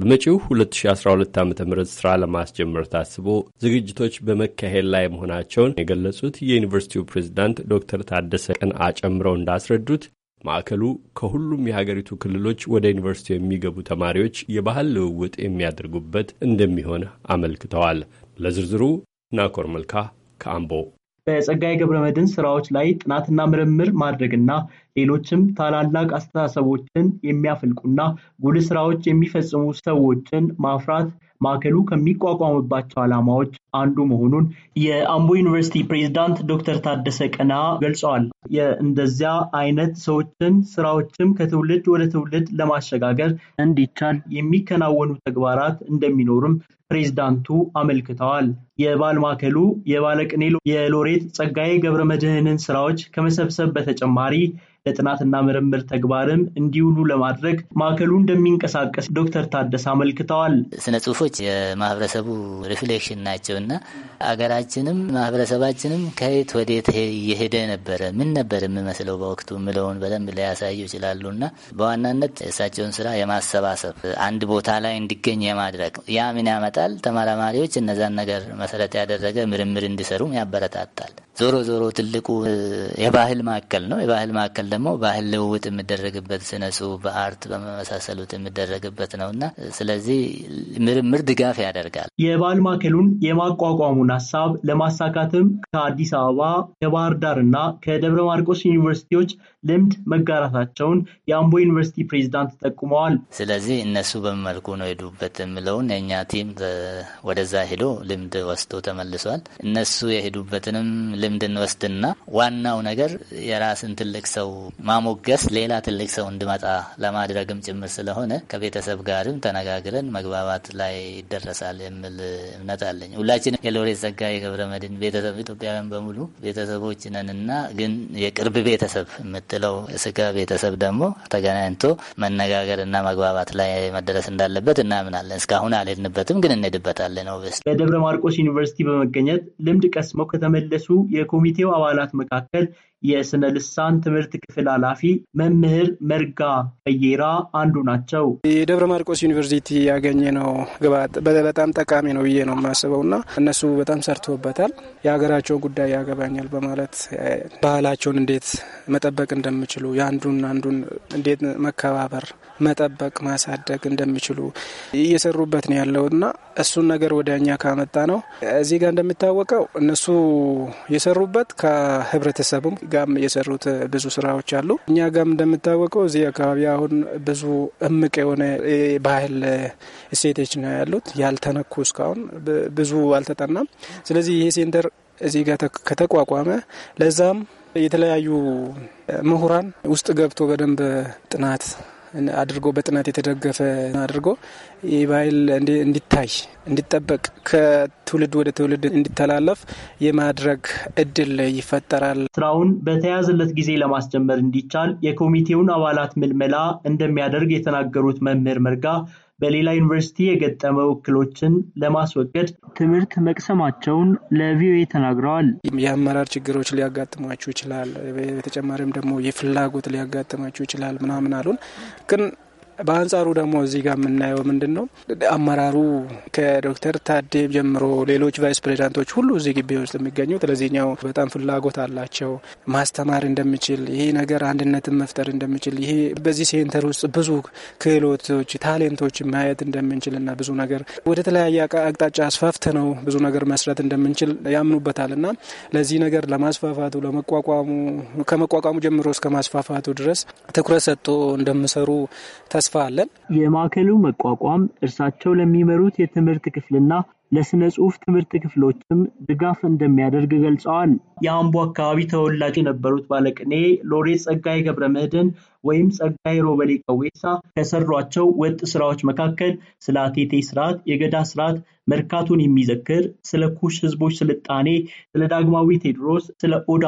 በመጪው 2012 ዓ ም ሥራ ለማስጀመር ታስቦ ዝግጅቶች በመካሄድ ላይ መሆናቸውን የገለጹት የዩኒቨርሲቲው ፕሬዝዳንት ዶክተር ታደሰ ቀን አጨምረው እንዳስረዱት ማዕከሉ ከሁሉም የሀገሪቱ ክልሎች ወደ ዩኒቨርሲቲ የሚገቡ ተማሪዎች የባህል ልውውጥ የሚያደርጉበት እንደሚሆን አመልክተዋል። ለዝርዝሩ ናኮር መልካ ከአምቦ በጸጋዬ ገብረመድኅን ስራዎች ላይ ጥናትና ምርምር ማድረግና ሌሎችም ታላላቅ አስተሳሰቦችን የሚያፈልቁና ጉልህ ስራዎች የሚፈጽሙ ሰዎችን ማፍራት ማዕከሉ ከሚቋቋምባቸው ዓላማዎች አንዱ መሆኑን የአምቦ ዩኒቨርሲቲ ፕሬዚዳንት ዶክተር ታደሰ ቀና ገልጸዋል። እንደዚያ አይነት ሰዎችን ስራዎችም ከትውልድ ወደ ትውልድ ለማሸጋገር እንዲቻል የሚከናወኑ ተግባራት እንደሚኖርም ፕሬዝዳንቱ አመልክተዋል። የባል ማዕከሉ የባለቅኔ የሎሬት ጸጋዬ ገብረመድህንን ስራዎች ከመሰብሰብ በተጨማሪ ለጥናትና ምርምር ተግባርም እንዲውሉ ለማድረግ ማዕከሉ እንደሚንቀሳቀስ ዶክተር ታደስ አመልክተዋል። ስነ ጽሁፎች የማህበረሰቡ ሪፍሌክሽን ናቸው እና አገራችንም ማህበረሰባችንም ከየት ወዴት እየሄደ ነበረ፣ ምን ነበር የምመስለው በወቅቱ ምለውን በደንብ ሊያሳዩ ይችላሉ እና በዋናነት የእሳቸውን ስራ የማሰባሰብ አንድ ቦታ ላይ እንዲገኝ የማድረግ ያ ምን ያመጣል? ተመራማሪዎች እነዛን ነገር መሰረት ያደረገ ምርምር እንዲሰሩም ያበረታታል። ዞሮ ዞሮ ትልቁ የባህል ማዕከል ነው። የባህል ማዕከል ደግሞ ባህል ልውውጥ የሚደረግበት ስነ ጽሁፍ፣ በአርት በመመሳሰሉት የሚደረግበት ነው እና ስለዚህ ምርምር ድጋፍ ያደርጋል። የባህል ማዕከሉን የማቋቋሙን ሀሳብ ለማሳካትም ከአዲስ አበባ ከባህር ዳር እና ከደብረ ማርቆስ ዩኒቨርሲቲዎች ልምድ መጋራታቸውን የአምቦ ዩኒቨርሲቲ ፕሬዚዳንት ጠቁመዋል። ስለዚህ እነሱ በመልኩ ነው ሄዱበት የምለውን የእኛ ቲም ወደዛ ሄዶ ልምድ ወስዶ ተመልሷል። እነሱ የሄዱበትንም ልምድ እንወስድና ዋናው ነገር የራስን ትልቅ ሰው ማሞገስ ሌላ ትልቅ ሰው እንዲመጣ ለማድረግም ጭምር ስለሆነ ከቤተሰብ ጋርም ተነጋግረን መግባባት ላይ ይደረሳል የሚል እምነት አለኝ። ሁላችን የሎሬት ጸጋዬ ገብረመድህን ቤተሰብ ኢትዮጵያውያን በሙሉ ቤተሰቦች ነንና ግን የቅርብ ቤተሰብ የምትለው ስጋ ቤተሰብ ደግሞ ተገናኝቶ መነጋገር እና መግባባት ላይ መደረስ እንዳለበት እናምናለን። እስካሁን አልሄድንበትም፣ ግን እንሄድበታለን። ስ በደብረ ማርቆስ ዩኒቨርሲቲ በመገኘት ልምድ ቀስመው ከተመለሱ የኮሚቴው አባላት መካከል የስነ ልሳን ትምህርት ክፍል ኃላፊ መምህር መርጋ ቀየራ አንዱ ናቸው። የደብረ ማርቆስ ዩኒቨርሲቲ ያገኘ ነው ግባት በጣም ጠቃሚ ነው ብዬ ነው የማስበው እና እነሱ በጣም ሰርቶበታል። የሀገራቸውን ጉዳይ ያገባኛል በማለት ባህላቸውን እንዴት መጠበቅ እንደምችሉ የአንዱን አንዱን እንዴት መከባበር መጠበቅ ማሳደግ እንደሚችሉ እየሰሩበት ነው ያለው እና እሱን ነገር ወደ እኛ ካመጣ ነው እዚህ ጋር እንደሚታወቀው እነሱ የሰሩበት ከህብረተሰቡም ጋም የሰሩት ብዙ ስራዎች አሉ። እኛ ጋም እንደሚታወቀው እዚህ አካባቢ አሁን ብዙ እምቅ የሆነ ባህል እሴቶች ነው ያሉት ያልተነኩ እስካሁን ብዙ አልተጠናም። ስለዚህ ይሄ ሴንተር እዚህ ጋር ከተቋቋመ ለዛም የተለያዩ ምሁራን ውስጥ ገብቶ በደንብ ጥናት አድርጎ በጥናት የተደገፈ አድርጎ ይህ ባህል እንዲታይ እንዲጠበቅ ከትውልድ ወደ ትውልድ እንዲተላለፍ የማድረግ እድል ይፈጠራል። ስራውን በተያያዘለት ጊዜ ለማስጀመር እንዲቻል የኮሚቴውን አባላት ምልመላ እንደሚያደርግ የተናገሩት መምህር መርጋ በሌላ ዩኒቨርሲቲ የገጠመ ውክሎችን ለማስወገድ ትምህርት መቅሰማቸውን ለቪኦኤ ተናግረዋል። የአመራር ችግሮች ሊያጋጥሟችሁ ይችላል፣ በተጨማሪም ደግሞ የፍላጎት ሊያጋጥማችሁ ይችላል ምናምን አሉን ግን በአንጻሩ ደግሞ እዚህ ጋር የምናየው ምንድን ነው አመራሩ ከዶክተር ታዴ ጀምሮ ሌሎች ቫይስ ፕሬዚዳንቶች ሁሉ እዚህ ግቢ ውስጥ የሚገኙት ለዚህኛው በጣም ፍላጎት አላቸው። ማስተማር እንደሚችል ይሄ ነገር አንድነትን መፍጠር እንደሚችል ይሄ በዚህ ሴንተር ውስጥ ብዙ ክህሎቶች፣ ታሌንቶች ማየት እንደምንችል እና ብዙ ነገር ወደ ተለያየ አቅጣጫ አስፋፍት ነው ብዙ ነገር መስራት እንደምንችል ያምኑበታል እና ለዚህ ነገር ለማስፋፋቱ ለመቋቋሙ ከመቋቋሙ ጀምሮ እስከ ማስፋፋቱ ድረስ ትኩረት ሰጥቶ እንደሚሰሩ ተስፋ አለን። የማዕከሉ መቋቋም እርሳቸው ለሚመሩት የትምህርት ክፍልና ለስነ ጽሁፍ ትምህርት ክፍሎችም ድጋፍ እንደሚያደርግ ገልጸዋል። የአምቦ አካባቢ ተወላጅ የነበሩት ባለቅኔ ሎሬት ጸጋዬ ገብረ መድኅን ወይም ጸጋይ ሮበሌ ቀዌሳ ከሰሯቸው ወጥ ስራዎች መካከል ስለ አቴቴ ስርዓት፣ የገዳ ስርዓት፣ መርካቶን የሚዘክር ስለ ኩሽ ህዝቦች ስልጣኔ፣ ስለ ዳግማዊ ቴድሮስ፣ ስለ ኦዳ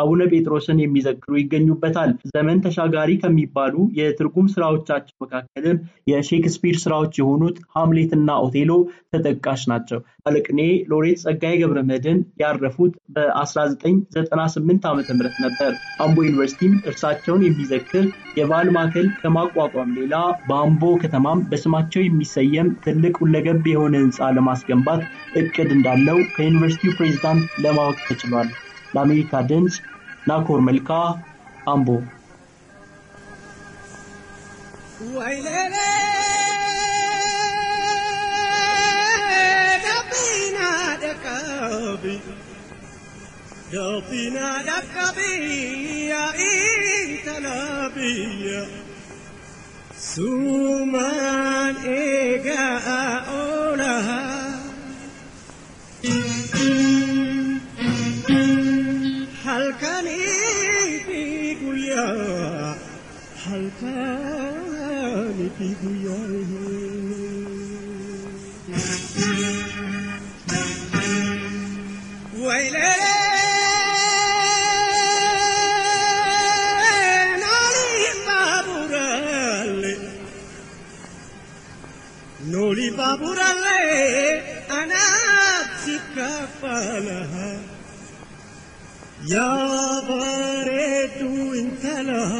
አቡነ ጴጥሮስን የሚዘክሩ ይገኙበታል። ዘመን ተሻጋሪ ከሚባሉ የትርጉም ስራዎቻቸው መካከልም የሼክስፒር ስራዎች የሆኑት ሐምሌት ኦቴሎ ተጠቃሽ ናቸው። አለቅኔ ሎሬት ጸጋዬ ገብረ መድን ያረፉት በ1998 ዓ ም ነበር። አምቦ ዩኒቨርሲቲም እርሳቸውን የሚዘክር ምክር የባህል ማዕከል ከማቋቋም ሌላ በአምቦ ከተማም በስማቸው የሚሰየም ትልቅ ሁለገብ የሆነ ህንፃ ለማስገንባት እቅድ እንዳለው ከዩኒቨርሲቲው ፕሬዝዳንት ለማወቅ ተችሏል። ለአሜሪካ ድምፅ ናኮር መልካ አምቦ። يعطينا لك بيا انت نبيا سومان اجاؤنا هل كان يقول يا هل كان يقول يا ಬಾಬುರಲ್ಲೇ ಅನಾಕ್ಷಿಕ ಪಾಲಹ ಯಾವ ರೇಟು ಇಂಥಲಹ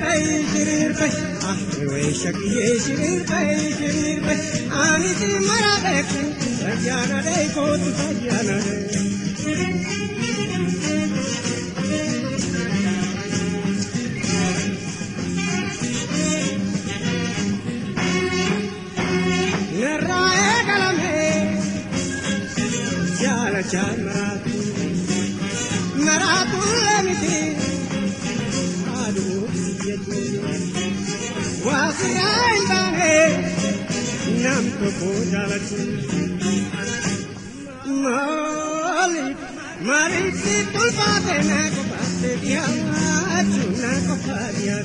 I'm not a good person. I'm I'm not a good person. i निरंत भोजन मालिक तुल पाते ना को पाते दिया चुना को पारिया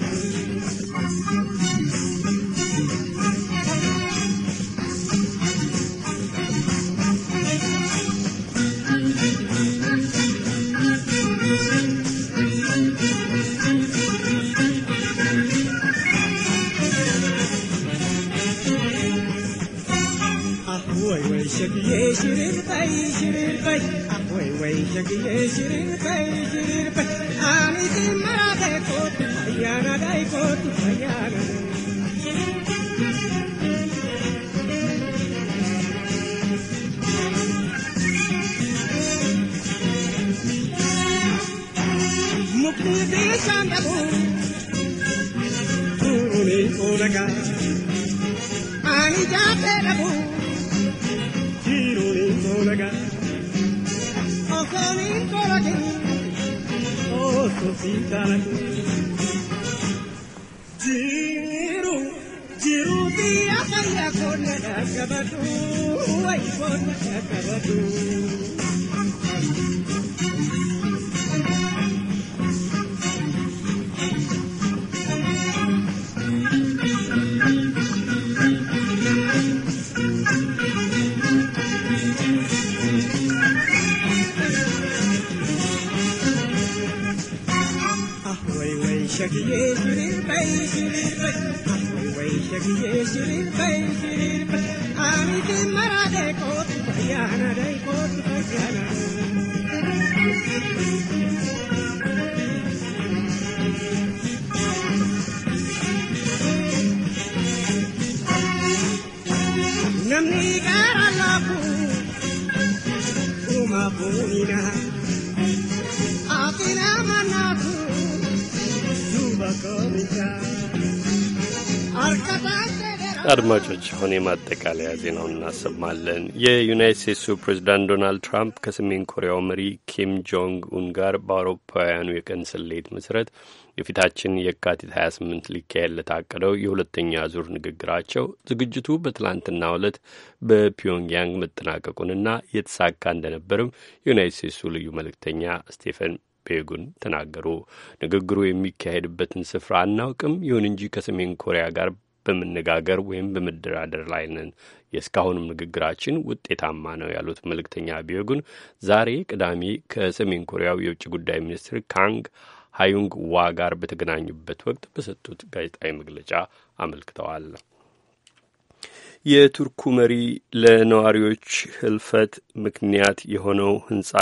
አድማጮች አሁን የማጠቃለያ ዜናውን እናሰማለን። የዩናይት ስቴትሱ ፕሬዚዳንት ዶናልድ ትራምፕ ከሰሜን ኮሪያው መሪ ኪም ጆንግ ኡን ጋር በአውሮፓውያኑ የቀን ስሌት መሰረት የፊታችን የካቲት 28 ሊካሄድ ለታቀደው የሁለተኛ ዙር ንግግራቸው ዝግጅቱ በትላንትናው ዕለት በፒዮንግያንግ መጠናቀቁንና የተሳካ እንደነበርም የዩናይት ስቴትሱ ልዩ መልእክተኛ ስቴፈን ፔጉን ተናገሩ። ንግግሩ የሚካሄድበትን ስፍራ አናውቅም። ይሁን እንጂ ከሰሜን ኮሪያ ጋር በመነጋገር ወይም በመደራደር ላይ ነን። የእስካሁንም ንግግራችን ውጤታማ ነው ያሉት መልእክተኛ ቢዮጉን ዛሬ ቅዳሜ ከሰሜን ኮሪያው የውጭ ጉዳይ ሚኒስትር ካንግ ሃዩንግ ዋ ጋር በተገናኙበት ወቅት በሰጡት ጋዜጣዊ መግለጫ አመልክተዋል። የቱርኩ መሪ ለነዋሪዎች ህልፈት ምክንያት የሆነው ህንጻ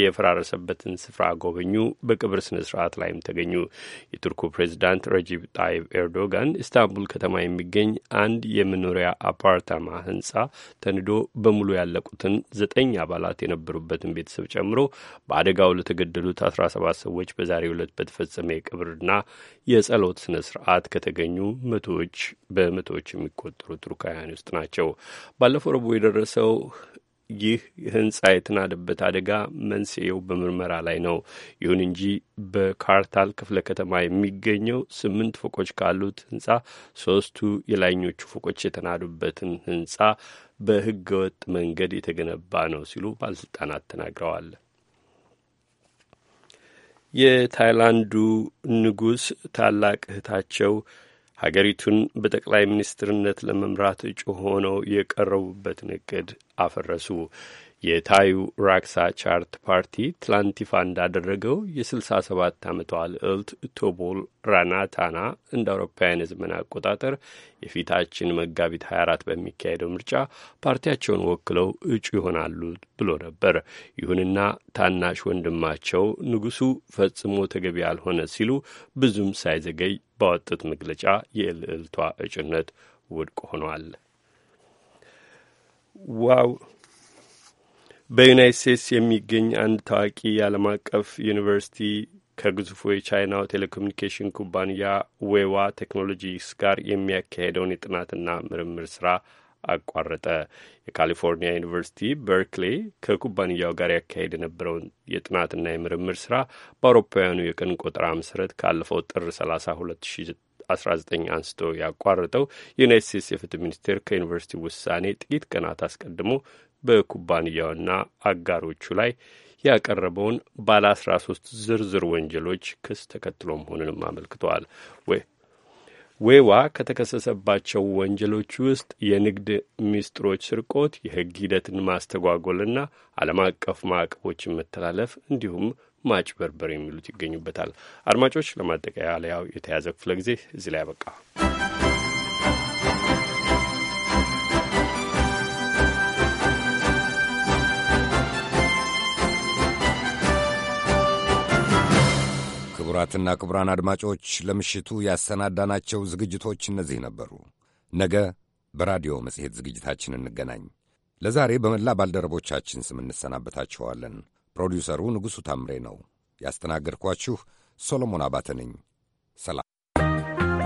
የፈራረሰበትን ስፍራ ጎበኙ። በቅብር ስነ ስርዓት ላይም ተገኙ። የቱርኩ ፕሬዚዳንት ረጂብ ጣይብ ኤርዶጋን ኢስታንቡል ከተማ የሚገኝ አንድ የመኖሪያ አፓርታማ ህንጻ ተንዶ በሙሉ ያለቁትን ዘጠኝ አባላት የነበሩበትን ቤተሰብ ጨምሮ በአደጋው ለተገደሉት አስራ ሰባት ሰዎች በዛሬው ዕለት በተፈጸመ የቅብርና የጸሎት ስነ ስርዓት ከተገኙ መቶዎች በመቶዎች የሚቆጠሩ ቱርካውያን ኢትዮጵያውያን ውስጥ ናቸው። ባለፈው ረቡዕ የደረሰው ይህ ህንጻ የተናደበት አደጋ መንስኤው በምርመራ ላይ ነው። ይሁን እንጂ በካርታል ክፍለ ከተማ የሚገኘው ስምንት ፎቆች ካሉት ህንጻ ሶስቱ የላይኞቹ ፎቆች የተናዱበትን ህንጻ በህገወጥ መንገድ የተገነባ ነው ሲሉ ባለስልጣናት ተናግረዋል። የታይላንዱ ንጉሥ ታላቅ እህታቸው ሀገሪቱን በጠቅላይ ሚኒስትርነት ለመምራት እጩ ሆነው የቀረቡበትን እቅድ አፈረሱ። የታዩ ራክሳ ቻርት ፓርቲ ትላንት ይፋ እንዳደረገው የ67 ዓመቷ ልዕልት ቶቦል ራናታና እንደ አውሮፓውያን የዘመን አቆጣጠር የፊታችን መጋቢት 24 በሚካሄደው ምርጫ ፓርቲያቸውን ወክለው እጩ ይሆናሉ ብሎ ነበር። ይሁንና ታናሽ ወንድማቸው ንጉሱ ፈጽሞ ተገቢ ያልሆነ ሲሉ ብዙም ሳይዘገይ ባወጡት መግለጫ የልዕልቷ እጩነት ውድቅ ሆኗል። ዋው በዩናይት ስቴትስ የሚገኝ አንድ ታዋቂ የዓለም አቀፍ ዩኒቨርሲቲ ከግዙፉ የቻይናው ቴሌኮሙኒኬሽን ኩባንያ ዌዋ ቴክኖሎጂስ ጋር የሚያካሄደውን የጥናትና ምርምር ስራ አቋረጠ። የካሊፎርኒያ ዩኒቨርሲቲ በርክሌ ከኩባንያው ጋር ያካሄድ የነበረውን የጥናትና የምርምር ስራ በአውሮፓውያኑ የቀን ቆጠራ መሰረት ካለፈው ጥር 30 2019 አንስቶ ያቋረጠው የዩናይት ስቴትስ የፍትህ ሚኒስቴር ከዩኒቨርሲቲ ውሳኔ ጥቂት ቀናት አስቀድሞ በኩባንያውና አጋሮቹ ላይ ያቀረበውን ባለ 13 ዝርዝር ወንጀሎች ክስ ተከትሎ መሆኑንም አመልክተዋል። ዌዋ ከተከሰሰባቸው ወንጀሎች ውስጥ የንግድ ሚስጥሮች ስርቆት፣ የሕግ ሂደትን ማስተጓጎልና ዓለም አቀፍ ማዕቀቦችን መተላለፍ እንዲሁም ማጭበርበር የሚሉት ይገኙበታል። አድማጮች፣ ለማጠቃለያው የተያዘ ክፍለ ጊዜ እዚህ ላይ ያበቃ። ክቡራትና ክቡራን አድማጮች ለምሽቱ ያሰናዳናቸው ዝግጅቶች እነዚህ ነበሩ። ነገ በራዲዮ መጽሔት ዝግጅታችን እንገናኝ። ለዛሬ በመላ ባልደረቦቻችን ስም እንሰናበታችኋለን። ፕሮዲውሰሩ ንጉሡ ታምሬ ነው። ያስተናገድኳችሁ ሶሎሞን አባተ ነኝ። ሰላም።